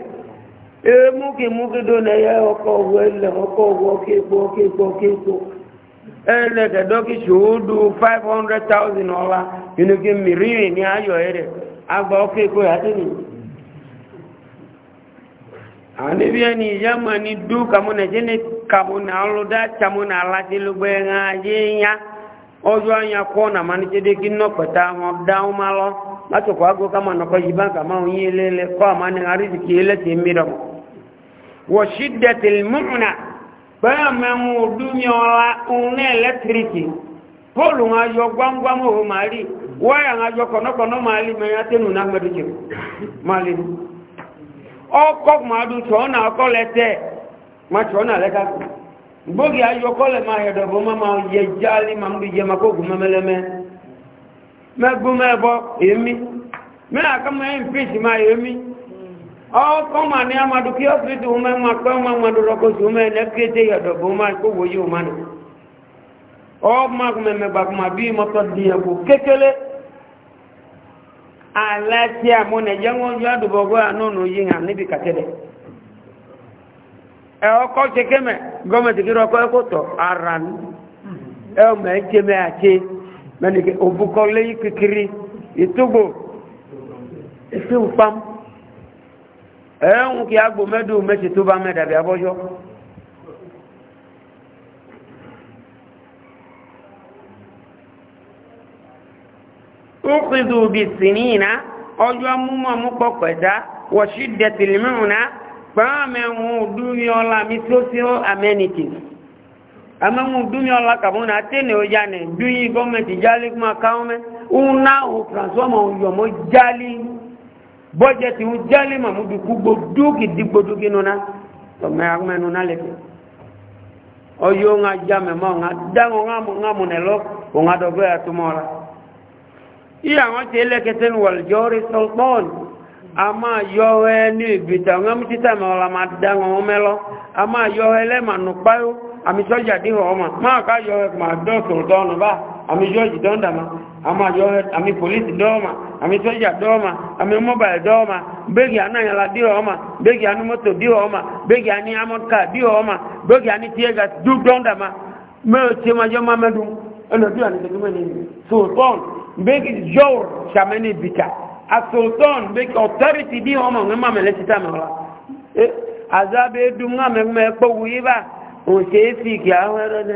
ee muke muke na ya ọkọ ọgwọ ele ọkọ ọgwọ kekpo kekpo kekpo ele kedo ki shuhudu 500,000 ọla inu ọkọ ekpo ya ẹni ya ni na jini kamu na ọlọda chamu na ya ọjọ anya na mani jede ki nnọpẹta wọn dáhùn ma lọ látòkọ ago kama nọkọ yìí bá òun àmà wọ ṣídẹ̀tì mọ́nà bẹ́ẹ̀ mẹ́mú dúnyọ́ra ní ẹlẹ́tíríkì póòlù yọ gbámgbám òhun máa rí wáyà wọn yọ kọ̀nọ́kọ̀nọ́ máa lè mẹ́rin na náà mẹ́dùkì máa lè ọkọ̀ na dùn tọ́ọ̀nà Ma lẹ́tẹ̀ máa tọ́ọ̀nà ayọ ọkọ ma ní amadu kí ọsibítù ọmọ ẹmọ akpẹ ọmọ amadu rọkọsí ọmọ ẹlẹ kéde yọdọ bó ma kó wòye ọmọ nù ọmọ akọmẹmẹ gbàgbọmọ bí mọtọ di ẹkọ kékeré alati amọnẹ jẹ wọn yọ adùbọgbọ anọnù yìí hàn níbi kàtẹlẹ ẹ ọkọ kékemẹ gọọmenti kí ọkọ ẹkọ tọ ara nù ẹ ọmọ ẹjẹ mẹ àti mẹnìkẹ òbúkọ lẹyìn kékeré ètògbò ètò e ìpamọ ẹ̀hún kí agbó mẹ́dù méjì tó bá mẹ́dàbí abọ́jọ́ ọkùnrin òbí sínú ìná ọjọ́ múmọ̀ mú pọ̀pẹ̀dá wọ̀ṣí dẹ̀tìlìmìrìnà pẹ̀lú dúnyọ́lá mi tí ó sí amenities amẹ́hun dúnyọ́lá kàbọ́nà tẹ́lẹ̀ ọjà nẹ̀ dúnyí gọ́ọ̀mẹ̀ntì jálẹ̀ kúmọ̀ káwọn mẹ́ ń náà ò transformer ọ̀yọ̀mọ́ jálẹ̀ bọ́jẹ̀ tí ó jálè màmúdù kú gbódúkì dígbódúkì nuna tọ́mẹ́ agbẹ́nu náà lẹ́kẹ́ ọyọ́ ń ajá mẹ́mọ́ ń dáhùn ń amúnẹ̀ lọ òun adọ́gbẹ́ àtúmọ́ ra yí àwọn tí lẹ́kẹ́tẹ́ ń wọ̀lẹ́jọ́ rí sọ́lpọ́n a máa yọ ẹ ní ìbìtà ń amú títà mẹ́ ọ̀la máa dáhùn ọmọ lọ a máa yọ ẹ lẹ́mà nù páyó àmì sọ́jà díhọ̀ ọmọ máa ká yọ ẹ kùmà dọ́ọ̀tù dọ́ọ̀nù bá àmì yọ ìdọ́ndàmá ama yɔ ami polisi dɔɔma ami sɔdza dɔɔma ami mobali dɔɔma begi anayala di wɔma begi anu moto di wɔma begi ani amɔka di wɔma begi ani tiɛga du dɔndama mɛ o tiɛ ma yɔ ma mɛ dun ɛnɛ du yanni sultan begi zɔwr same ni bita a sultan begi authority di wɔma ŋa ma mɛ lɛ sita mɛ o la e aza bɛ dun ŋa mɛ ŋmɛ o se fi kia wɛrɛ dɛ.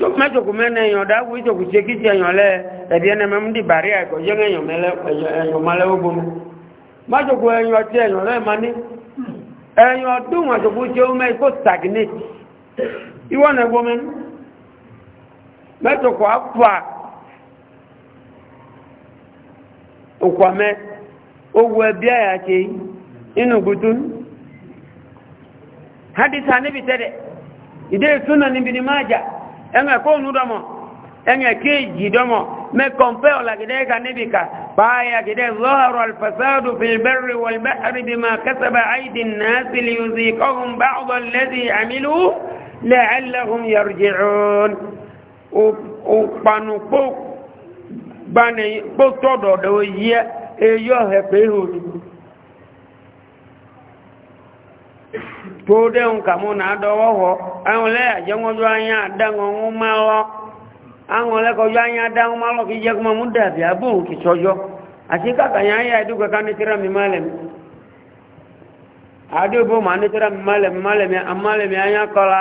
mẹ́tòkù mẹ́nà èèyàn dáwù ìtòkù ṣe kí ti èèyàn lẹ́ ẹ̀dí ẹ̀nà mẹ́mú dì bàrí àìkọ̀ jẹ́ èèyàn mọ́lẹ́ ogun mẹ́tòkù èèyàn ti èèyàn lẹ́ ma ní èèyàn dùn àtòkù ṣe ó mẹ́ ikó stagnate ìwọ́n nà gbọ́ mẹ́nu mẹ́tòkù àpà òkwàmẹ́ owó ẹbí àyà ṣe inú gùdùn hadith anibi tẹ́lẹ̀ ìdé ìtúnà níbi ni máa jà ẹ̀ngẹ̀ kó nù dọ́mọ̀ ẹ̀ngẹ̀ kéèjì dọ́mọ̀ mẹ́ kọ̀m̀pẹ́ ọ̀làgídẹ́ ka níbi ka báyà gídẹ́ zọ́hàrọ̀ alfasádù fìlbẹ́rì wọ̀lbẹ́rì bí ma kẹsàbà àìdìn náà sì lè yùzí kọ́hùn bá ọ̀dọ̀ lẹ́sì yàrùjìrún òpanupó gbani kpótọ́dọ̀dọ̀ yẹ eyọ́ hẹ̀pẹ́ ìhòòhò tó dẹ́hùn kàmú náà dọwọ́ họ àwọn ọlẹ́ àjẹmọ́jọ ayé àdáhùn máa lọ àwọn ọlẹ́kọjọ ayé àdáhùn máa lọ kì í jẹ́ kó máa mú dàbí abóhùn kì sọjọ́ àti kàkànyà ayé àdúgbò ká ní tíra mi máa lẹ̀mí àdúgbò máa ní tíra mi máa lẹ̀mí máa lẹ̀mí amálẹ̀mí ayé kọ́la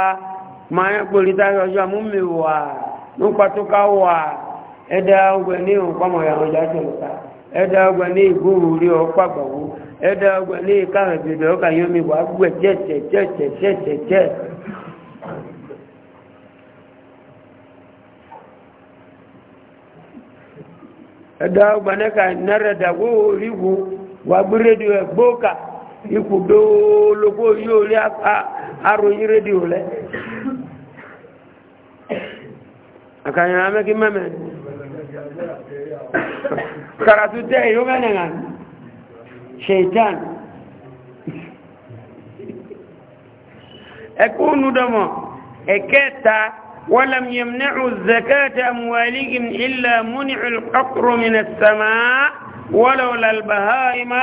máa yẹ kpoli tá yọjọ́ mú mi wà nípa tó ká wà ẹ̀dá ọgbẹ̀ ní òǹkọ́mọ̀ yàrá ọjà ṣẹlẹ̀ sáà ẹ̀dá ọgbà ní ìgbóhùn orí ọpá gbàwó ẹ̀dá ọgbà ní ìkàrẹ̀bẹ̀dẹ̀ ọkà yọmi wà gbẹ̀ jẹ́jẹ̀jẹ́jẹ́jẹ́ ẹ̀dá ọgbà nẹ́ka nẹ́rẹ̀dàwó oríwo wà gbé rédíò ẹ̀gbóòkà ikú dóólógó yóò rí aróyìn rédíò lẹ́ àkàyàn amẹ́kí mẹ́mẹ́ كراتو tẹ́ èyí mẹ́rin rán شيطان اكون dọmọ اكتا ولم يمنعوا الزكاة أموالهم إلا منع القطر من السماء ولولا البهائم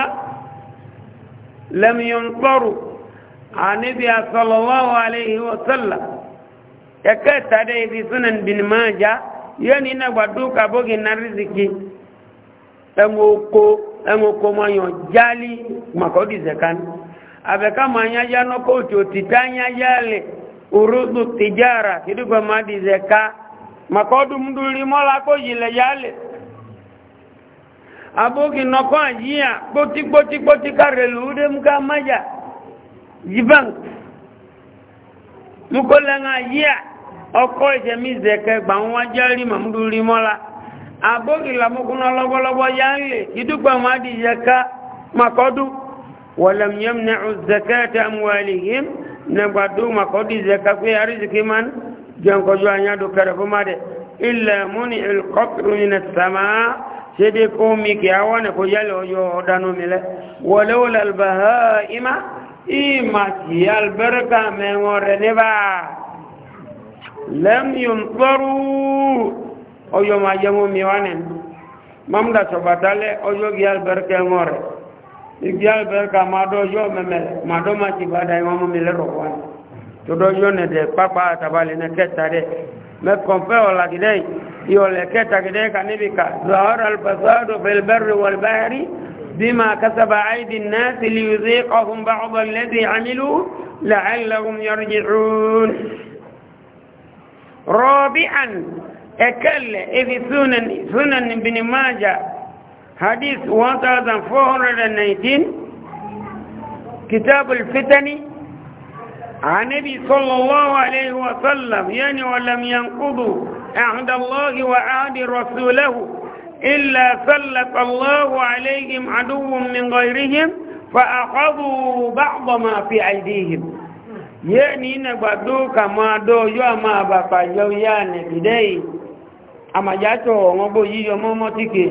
لم ينطروا عن نبي صلى الله عليه وسلم يكاد هذا في سنن بن ماجه يعني نبدوك أبوك نرزكي ẹnwoko ẹnwoko ma yàn jali makọ́dì zẹ̀kan abẹ́ká ma nyájá nọ́kọ́ òtò títà nyájá lè orúdù tìjára kìdúgbà ma dì zẹ̀ká makọ́dù múdúrí mọ́lá kó yìlẹ̀ yálẹ̀ abókì nọ́kọ́ àjíyà gbótígbótígbótí kárẹ̀ lóúdé mú ká májà jibank mú kó lẹ́ngà àjíyà ọkọ̀ ìjẹmí zẹ̀kẹ́ gbà wọn wájá rí màmúdúrí mọ́lá abogila mukuna lɔbɔlɔbɔ yanle idugbaŋ adi zaka makɔdu walam yamnacu zakata amwalihim nagbadu makɔdi zaka kpe ariziki man jankɔju anyadu kɛrɛfuma de ila muni ilkɔtru mina samaa sede ko mi ke awane ko yale ojo danu mi le walawla albahaima ima ti albarka me ne ba lam yumtaru oyo ma jamo miwane mamda sobatale oyo gi alberke ngore igi alberka mado yo memele mado ma ti bada imam mile rowan to do yo ne de papa tabale ne ketare me kompe ola gide yo le keta gide kanibika zahara al-fasadu fil barri wal bahri بما كسب أيدي الناس ليذيقهم بعض الذي عملوا لعلهم يرجعون رابعا أكل في سنن سنن بن ماجة حديث 1419 كتاب الفتن عن النبي صلى الله عليه وسلم يعني ولم ينقضوا عهد الله وعهد رسوله إلا سلط الله عليهم عدو من غيرهم فأخذوا بعض ما في أيديهم يعني نبدو كما دو يوم بقى يوم يعني بدايه àmàjátọ̀ wọn gbó yíyọ mọ́mọ́ tí ke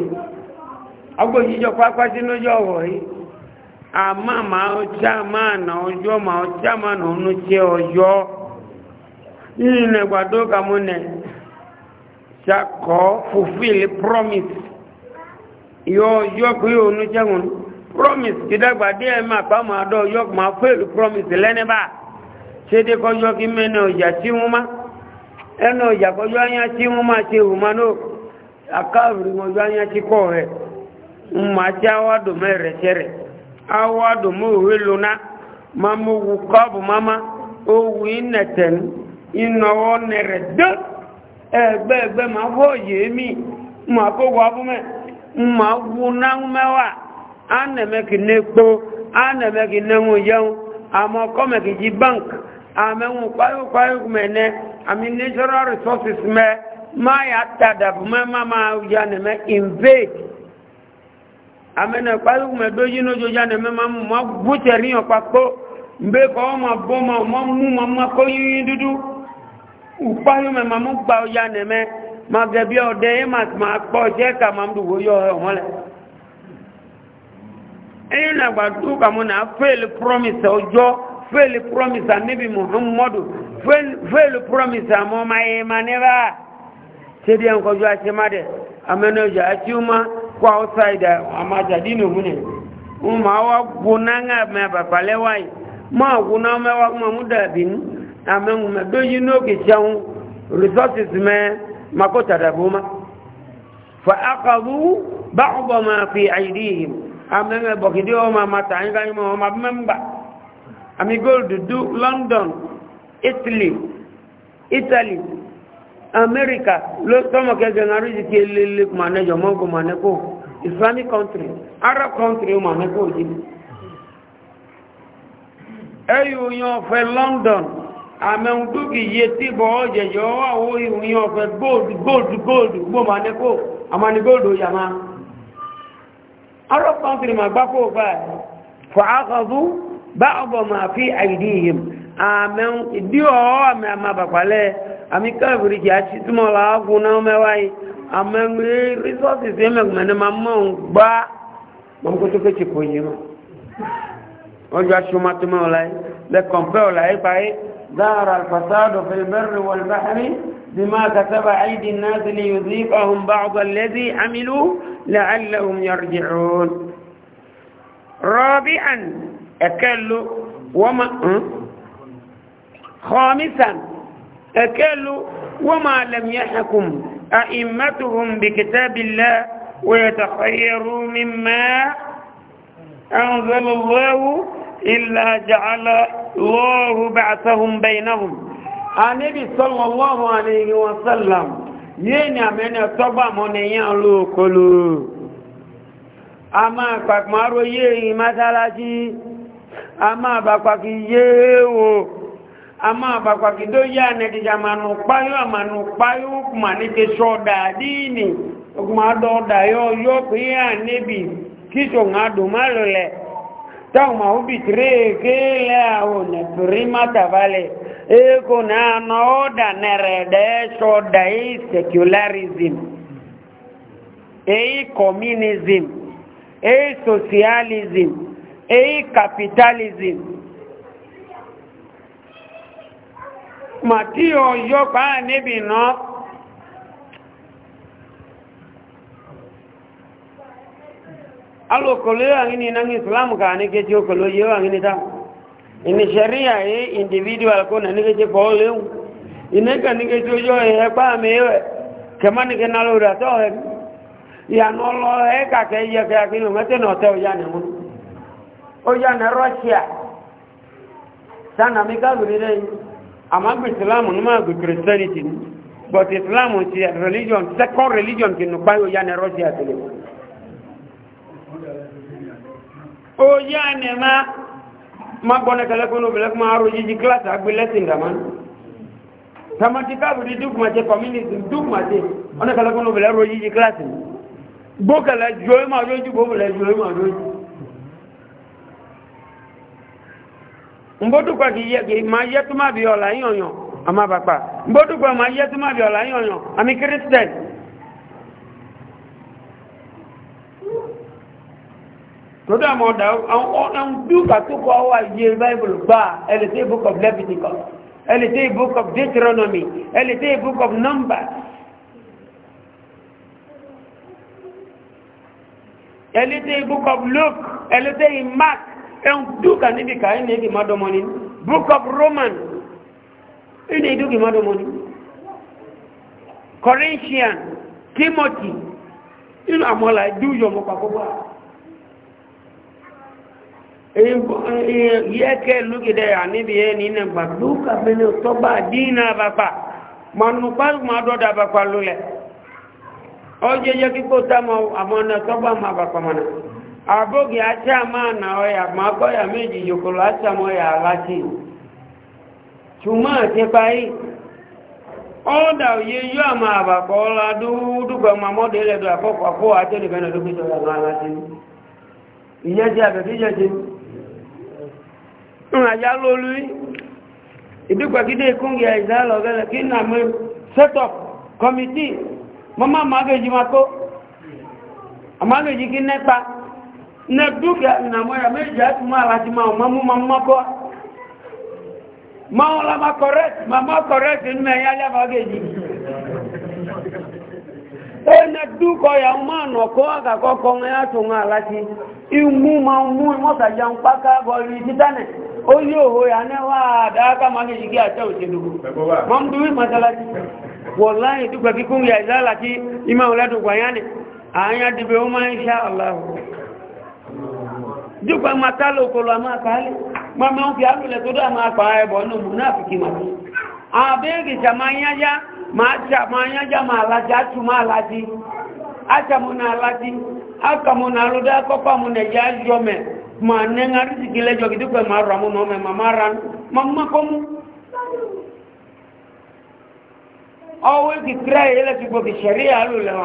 ọgbó yíyọ pápá sí lójú ọ̀wọ̀ yìí àmà máa ọjá máa nà ọjọ́ máa ọjá máa nà ọ̀nà tí ọjọ́ nínú ẹgbàdó kàmúnẹ̀ ṣàkọ́ fulfill promise yọ ọjọ́ pé ọ̀nà tí ọ̀nà promise ti dàgbà díẹ̀ máa pa máa dọ̀ ọjọ́ máa fail promise lẹ́nìbà ṣé dé kọjọ́ kí mẹ́ni ọjà tí wọ́n máa. ẹnu ọjà kọjú anya tí wọ́n máa ṣe ìhùmánú anya tí kọ̀ rẹ̀ mọ̀ tí àwọn àdùnmọ́ rẹ̀ ṣẹ̀rẹ̀ Awa àdùnmọ́ òwe lona máa mú wu kọ́ọ̀bù máma owó ìnẹ̀tẹ̀nu ìnáwó nẹ̀rẹ̀ dé ẹgbẹ́ ẹgbẹ́ máa wọ́ yé mi máa kó wọ abúmẹ́ máa náwó yẹun kọ́mẹ̀kì jí àmì natural resources mẹ́ máa yà tàdàbù mẹ́ máa máa yà ní mẹ́ invade àmì nà pàlú mẹ́dó yìí lójó yà ní mẹ́ máa mú ma gbúṣẹ̀ rí ọ̀pá pó mbé kọ́ ma bó ma ma mú ma ma kó yíyí dúdú ìpàlú mẹ́ ma mú gbà yà ní mẹ́ ma gẹ̀bí ọ̀dẹ́ yìí ma pọ̀ jẹ́ kà ma mú dùgbò yọ ọ̀hún lẹ̀ ẹ̀yìn nàgbà tó kà mú nà fail promise ọjọ́ fẹ́ẹ̀lì promise àníbi muhammadu fẹ́ẹ̀lì promise àmọ́ ọmọ ayé ma ní bá ṣe dị nkọjú àti má dẹ̀ amẹ́nẹ́jọ àti ọmọ kó outside àmà àjàdí nìhun ni wọn máa wá gbóná ń àmì àbàbà lẹ́wàáyì máa gbóná mẹ́wàá kó máa mú dàbí fa fi àmì góòlù dúdú london italy italy america ló tọ́mọ̀ kẹjọ náà ríjì kí elele mọ̀nẹ́jọ mọ́kù mọ̀nẹ́kù islamic country arab country mọ̀nẹ́kù òjì ẹ̀yù yàn ọ̀fẹ́ london àmẹ́hùn dúkì yé tí bọ̀ ọ̀jẹ̀jẹ̀ ọwọ́ àwọ́ ìhù yàn ọ̀fẹ́ gold gold gold gbó mọ̀nẹ́kù àmàni gold ó yàmá arab country mà gbákò báyìí fọ́ àkọ́dún báàbọ̀ máa fi àìdí ìhìm àmẹ́un ìdí ọ̀họ́ àmẹ́ àmàbàpàlẹ́ àmì káàkiri kìí àti túnmọ̀ láàágùn náà mẹ́wáyé àmẹ́un rísọ́ọ̀sì sí ẹ̀mẹ̀gbẹ̀ni máa mọ́ ń gbá mọ́mkótó kéèkì kò yé mọ́ ọjọ́ aṣọ́má tó mọ́ ọ̀la yìí lẹ́ kọ̀m̀pẹ́ ọ̀la yìí parí dáhàrà alfasádọ̀ fẹ̀lẹ́bẹ̀rẹ̀ bí máa kàtàbà àìdí náà sí ẹ̀kẹ́lu wọ́mà hmm? khamisan ẹ̀kẹ́lu wọ́mà lam yahkum a'immatuhum bi kitabillah wa yatakhayyaru mimma anzala Allahu illa ja'ala Allahu ba'sahum bainahum anabi sallallahu alayhi wa sallam yéèni àmẹ́ni ọ̀tọ́gbà mọ́ ni yán lóòkòlò a máa pàpàrọ̀ yéèyìn a máa bá pàkì yéèwò a máa bá pàkì tó yá nẹ́kìjà mànú páyọ́ àmànú páyọ́ kùmà ní ti sọ dàdíìnì ọkùnmà dọ́ọ̀dà yọ yọ pé yà níbi kíso ńádùn má lọlẹ̀ táwọn máa bí tírèké lẹ́àwò nẹ̀tùrí mátàbálẹ̀ éèkò náà nà ọ́dà communism èyí socialism èyí capitalism mà tí ọ̀yọ́ pàá níbi náà alòkòlò yóò àní nínú islam ká ní kéjì òkòlò yóò àní níta ìní sẹ́ríyà yí individual kó nà ní kéjì pọ̀ léwu ìnẹ́gà ní kéjì ojó ẹ̀ẹ́pá mi rẹ̀ kẹmá ní kẹ́ náà lórí àtọ́ ẹ̀ ìyànà ọlọ́ ẹ̀ẹ́kà kẹ́ yẹ kẹ́ akínú mẹ́tẹ́ náà tẹ́ ọjá nìmú oya na russia sana mi káàkiri rẹ̀ àmá gbé islam ní máa gbé christianity ní but islam ti religion second religion kì nùpá oya na russia tẹ̀lé oya na ma ma gbọ́nà kẹlẹ́kùn obìnrin ma arò jíjí class agbélẹ́sìn dàmá tamati káàkiri dúkùmá jẹ community dúkùmá jẹ ọ̀nà kẹlẹ́kùn obìnrin arò jíjí class gbókẹ̀lẹ́ jù ọ́ ma lójú gbókẹ̀lẹ́ jù ọ́ ma lójú mbodukwa ki ma yetuma bi ola yonyo ama papa mbodukwa ma yetuma bi ola yonyo ami kristen todo amo da on du ka to ko wa ye bible ba ele te book of leviticus ele te book of deuteronomy ele te book of numbers ele te book of luke ele te mark en duka nibi ka ene gi madomo book of roman ene duki madomo ni corinthian timothy inu amola du yo mo pa baba eh, eh, yẹ́kẹ́ lókèdẹ̀ àníbi ẹni ní gbàdúkà mẹ́lẹ̀ tọ́gbà dínà bàbà manùpá ma dọ́dà bàbà lólẹ̀ ọjẹ́jẹ́ kíkó támọ̀ àmọ́nà tọ́gbà ma bàbà mọ́nà ama abógi àti àmàna ọ̀yà magbọ́yà méjì yòkòrò àti àmọ́yà aláti ṣùgbọ́n àti parí ọ́dà òye yóò àmà àbàkọ́ ọlá dúdúgbà mamọ́dé lẹ́dọ̀ àkọ́kọ́ àkọ́ àti olùgbẹ́nà ló gbéṣọ́ àwọn aláti ìyẹn ti àbẹ̀fí jẹ́jẹ́ ń àjá lólú ìdúgbàgídé ìkúngẹ̀ ìdálọ̀gẹ́lẹ̀ kí nà mú sẹ́tọ̀ kọmitì mọ́má màgèjì máa kó àmàgèjì kí nẹ́pa na duka na moya meji ati ma lati ma ma mu ma ma ko ma ola ma correct ma ma correct ni me yale ba geji e na duko ya ma no ko aga ko ko ya to ma lati imu ma mu mo ta ja npa ka go ri titane o yo ho ya ne wa da ka ma geji ki ata o ti duko ma mdu ma ta lati wallahi duka ki kun ya izala ki ima uladu kwa yani aya dibe o ma insha Allah dípò ma tá lókòlò a máa kàálì ma ma ń fi àlùlẹ̀ tó dá máa pa ẹbọ̀ ní múnáfikì ma ní àbẹ́ẹ̀kì sàmáyájá máa sàmáyájá máa alájá tù máa alájí àtàmúnà alájí àkàmúnà alódá kọ́pàmúnà ẹ̀yà yọmẹ̀ ma nẹ́ngà rìsìkì lẹ́jọ́ ma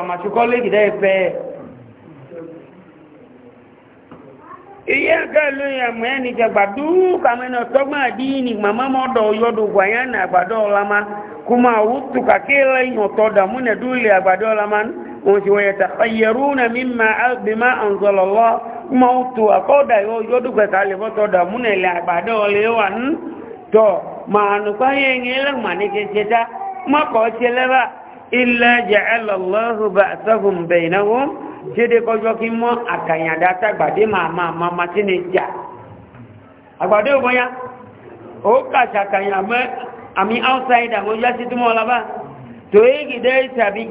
ma ma iye aka lóyún àmọ́ ẹ̀ nìjẹ́ gbàdú kàmínà tọ́gbọ́n àdínì màmá mọ́dọ̀ yọdọ̀ gbàyàn àgbàdo ọ̀làmá kuma wutu kakela yoto damu ne dule àgbàdo ọ̀làmá onsi wọ́n yẹta ayẹrúnà mímà bímà ọ̀nzọ̀lọ́lọ́ kuma wutu akọ́dà yọdọ̀ gbẹ̀ka lè fọ́tọ̀ damu ne lè àgbàdo ọ̀lẹ́wà ń tọ́ màá nùkọ́ yẹ ń yẹlẹ́ mà ní kẹsẹ̀ta mọ́kọ̀ ọ́ jede kọjọ kí mọ́ àkàyàndà tàgbàdé máa máa tí ní jà àgbàdé ògbọ́n ya ó kàṣà àmì outsider wọ́n yá sí túnmọ́ ọlọ́bá tó èyí dẹ́ àbí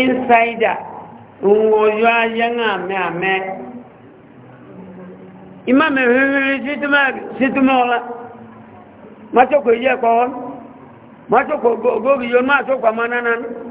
insider yọ ayé àmẹ́ kò yí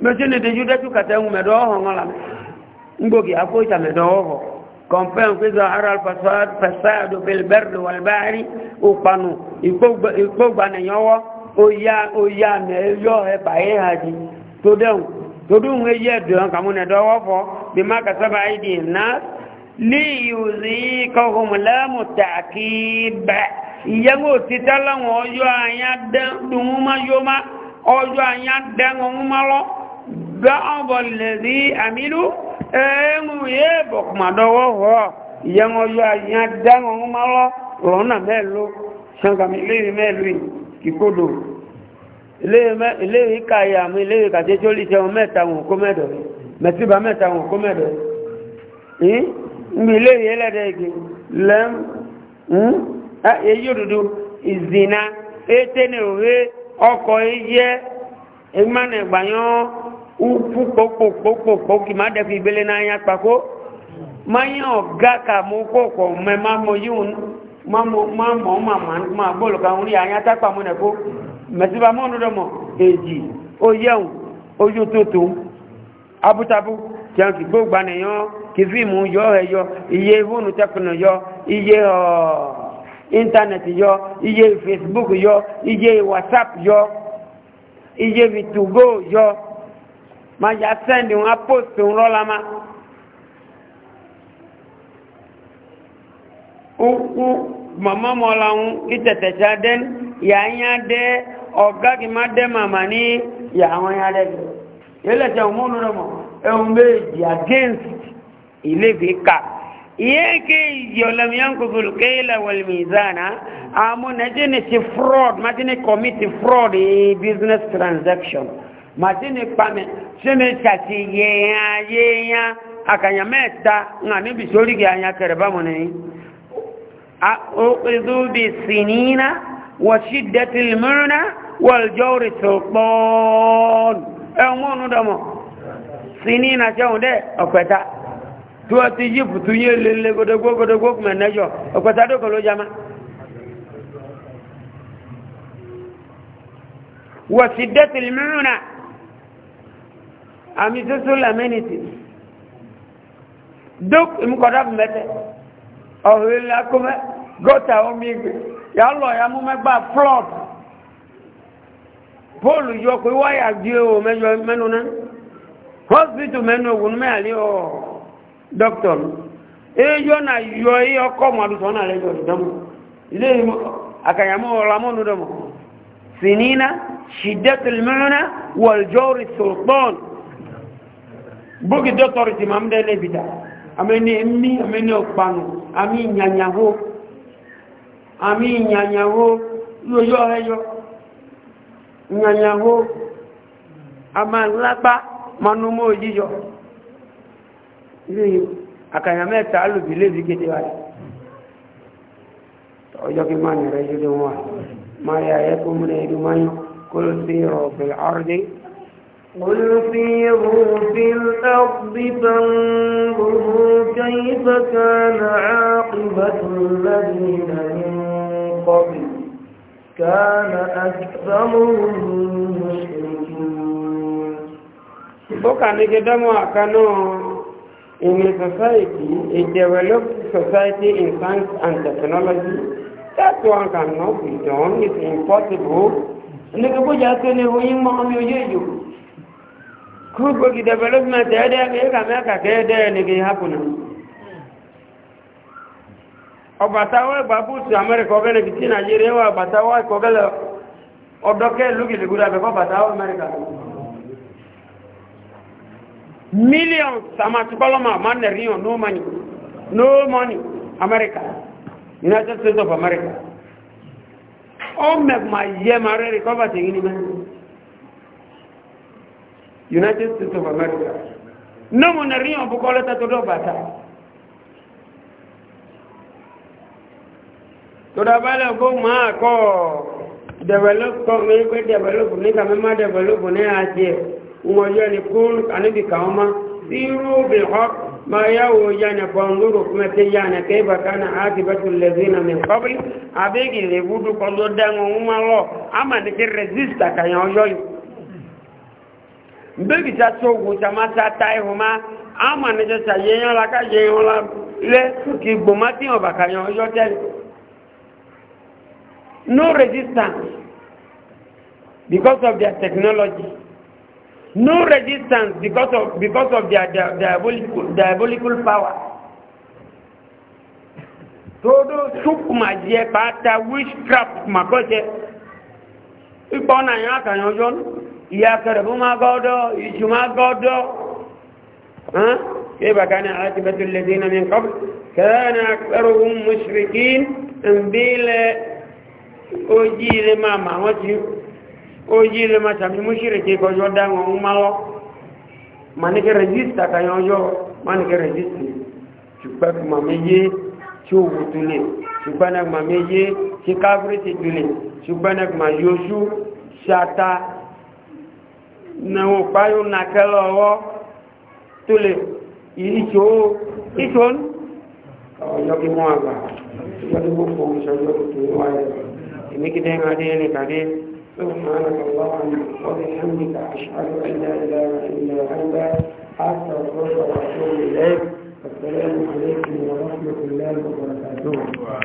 mechini dị judetu kata enwu medo ọhọ ṅụla mgbogi afọ ịta medo ọhọ kọmpen kwezo aral fasado filberdo walbari ụkpanụ ikpogbanenyeọwọ oya oya na eyo ẹba ịha ji todenwu todun eyi ẹdùn kàmú nẹdọ wọfọ bí má kasaba ìdí náà líyùzí kọhùn lẹ́mù tààkì bẹ́ ìyẹ́ngò títà láwọn ọjọ́ àyà dẹ́ dùnmú má yó má ọjọ́ àyà dẹ́ ń mú má lọ ba'dha alladhi amilu ẹ̀ẹ́mù yẹ́ bọ̀kùmàdọ́wọ́ wọ́ ìyẹn ọjọ́ àyíyá dáhùn ọ̀hún máa lọ òun náà mẹ́lú ṣangàmì iléyìí mẹ́lú ìkódò iléyìí káyà mú iléyìí kàtẹ́ tó lè ṣẹ́wọ̀n mẹ́ta wọn kó mẹ́dọ̀ mẹ́tíbà mẹ́ta wọn kó mẹ́dọ̀ yìí ń iléyìí ufu kpokpokpokpokpo kì má dẹ́fi ìgbélé náà yá pàkó má yẹ ọ̀gá kà mú kọ̀ọ̀kọ̀ mẹ má mọ yíò má mọ má má bọ́ọ̀lù kan rí àyá tápà mú nẹ̀kó mẹ̀síbà mọ́ ọ̀nà dọ́mọ̀ èjì ó yẹ̀hùn ojú tó tó abútabú jẹun kì gbó gba nìyàn kì fíìmù yọ ẹyọ iye fóònù tẹkùnù yọ iye íńtánẹ̀tì yọ iye facebook yọ iye whatsapp yọ iye vitugo yọ ma ya sẹ́ndì wọn apóòsì ń rọ́la ma ukwu mama mọ́la ń ìtẹ̀tẹ̀tẹ̀ adẹ́ yà ń yá dẹ́ ọ̀gá kì má dẹ́ màmá ní yà wọn yá dẹ́ bi yẹlẹ̀tẹ̀ ọmọ olóró mọ̀ ẹ̀hún méjì against ìlébi ká yéèké yọlẹm yankubu kéèlè wọlmìzánà àmúnẹ́jẹ́ ní ti fraud má ti ní commit fraud e business transaction. màtíni pàmì símẹ́tàtì yẹ̀yàn yẹ̀yàn àkànyà mẹ́ta ńà níbi sórí kí àyà kẹrẹ̀bá mọ̀ ní ọ̀pẹ̀dúbi sinina wọ̀ṣídẹ̀tìlmọ́rúnà wọ̀ljọ́rì tọ̀pọ̀ọ̀n ẹ̀wọ̀n sinina sẹ́wọ̀n dẹ́ ọ̀pẹ̀ta tí wọ́n ti yí bùtú yé lélẹ́ gbọdọgbọdọgbọ mẹ́nẹ́jọ ọ̀pẹ̀ta dọ́kọ̀ ló jama wọ̀ṣídẹ̀tìlmọ́rúnà àmì social amenities dók ìmúkọ̀dá fún mẹ́tẹ́ ọ̀rọ̀ ilẹ̀ akọ́mẹ́ gọ́ta omi ìgbè yà lọ ya mú mẹ́gbà flood póòlù yọ pé wáyà gbé o mẹ́jọ mẹ́nu náà hospital mẹ́nu ògùn mẹ́àlẹ́ ọ̀ dọ́kítọ̀ eyọ na yọ eyí ọkọ̀ mọ̀dútọ̀ náà lẹ́jọ́ dọ́mọ̀ ilé àkànyàmọ́ ọ̀làmọ́nu dọ́mọ̀ sinina ṣìdẹ́tìlmẹ́rin wọ̀lùjọ́rì sultan bóki dọ́tọ̀rì tí máa ń dẹ́lẹ̀ bìdá àmẹ́ni mí àmẹ́ni ọ̀pànù àmì ìyànyàwó àmì ìyànyàwó yóò ẹyọ ìyànyàwó àmà ńlápá manúmọ́ òjíyọ ilé àkàyà mẹ́ta alùbí lébi kéde wáyé ọjọ́ kí máa nìrẹ́ yóò dé wọn máa yà ẹ̀kọ́ múlẹ̀ ìdúmáyán kó ló sí ọ̀bẹ̀ ọ̀rẹ́dẹ́ قل سيروا في الأرض فانظروا كيف كان عاقبة الذين من قبل كان أكثرهم مشركين Bọ́kà ní gẹ́dẹ́mọ̀ àkánà in a society, a developed society in science and technology, that one cannot be done, it's impossible. Ní gbogbo jẹ́ tó ní oyin mọ́ omi oyé yòó huko kidevelopment ya miaka miaka kede nikihapuna obatawe babusi amerika ogele kiti nigeria wa batawe kogele odoke lugi ligura be ko batawe amerika millions sama tikoloma manne rio no money no money america united states of america o me ma ye mare recover tingini me united states of america nomu na riyan bukọ lẹta tó dọ bàtà tọ́dà balẹ̀ kó máa kọ́ develop kọ́ mi pé develop ní kàmí má develop ní àti ẹ̀ ìwọ̀nyọ́ ni kún àníbì kàwọn má sírú bi họ ma yá wo yá ni kọ́ ńlúrò kúmẹ tí yá ni kẹ́ ibà ká na áàkì bá tún lè zina mi kọ́bí àbẹ́gì lè wúdú kọ́ ló dá wọn wọn lọ àmà ní kí resist àkàyàn ọyọ́ yìí mbegi ta sogu ta ma ta ta ihu ma ama ne ta ye yan la ka ye yan la le ki gbo ma ti on ba ka yan yo te no resistance because of their technology no resistance because of because of their, their diabolical diabolical power todo sukuma je pata witchcraft makose ipona yan ka yan yo ìyákẹrẹ̀bú máa gọ́ọ̀dọ́ ìṣù máa gọ́ọ̀dọ́ كيف كان عاقبة الذين من قبل كان أكثرهم مشركين بل أجيل ما معوتي أجيل ما سمي مشركي كجو دانو مالو ما نكي رجيستا كان يوجو ما نكي رجيستا شبك ما ميجي شوفو تولي شبانك ما ميجي شكافرتي تولي شبانك ما يوشو شاتا nàwọn páyọ nàkẹ́lọ ọwọ́ tó lè ìṣò ìṣò ní ọjọ́ kí mọ́ àgbà ọjọ́ kí gbogbo ìṣọ́jọ́ tó wáyé ìmíkídé adé nìkàdé سبحانك اللهم وبحمدك أشهد أن لا إله إلا أنت أستغفرك وأتوب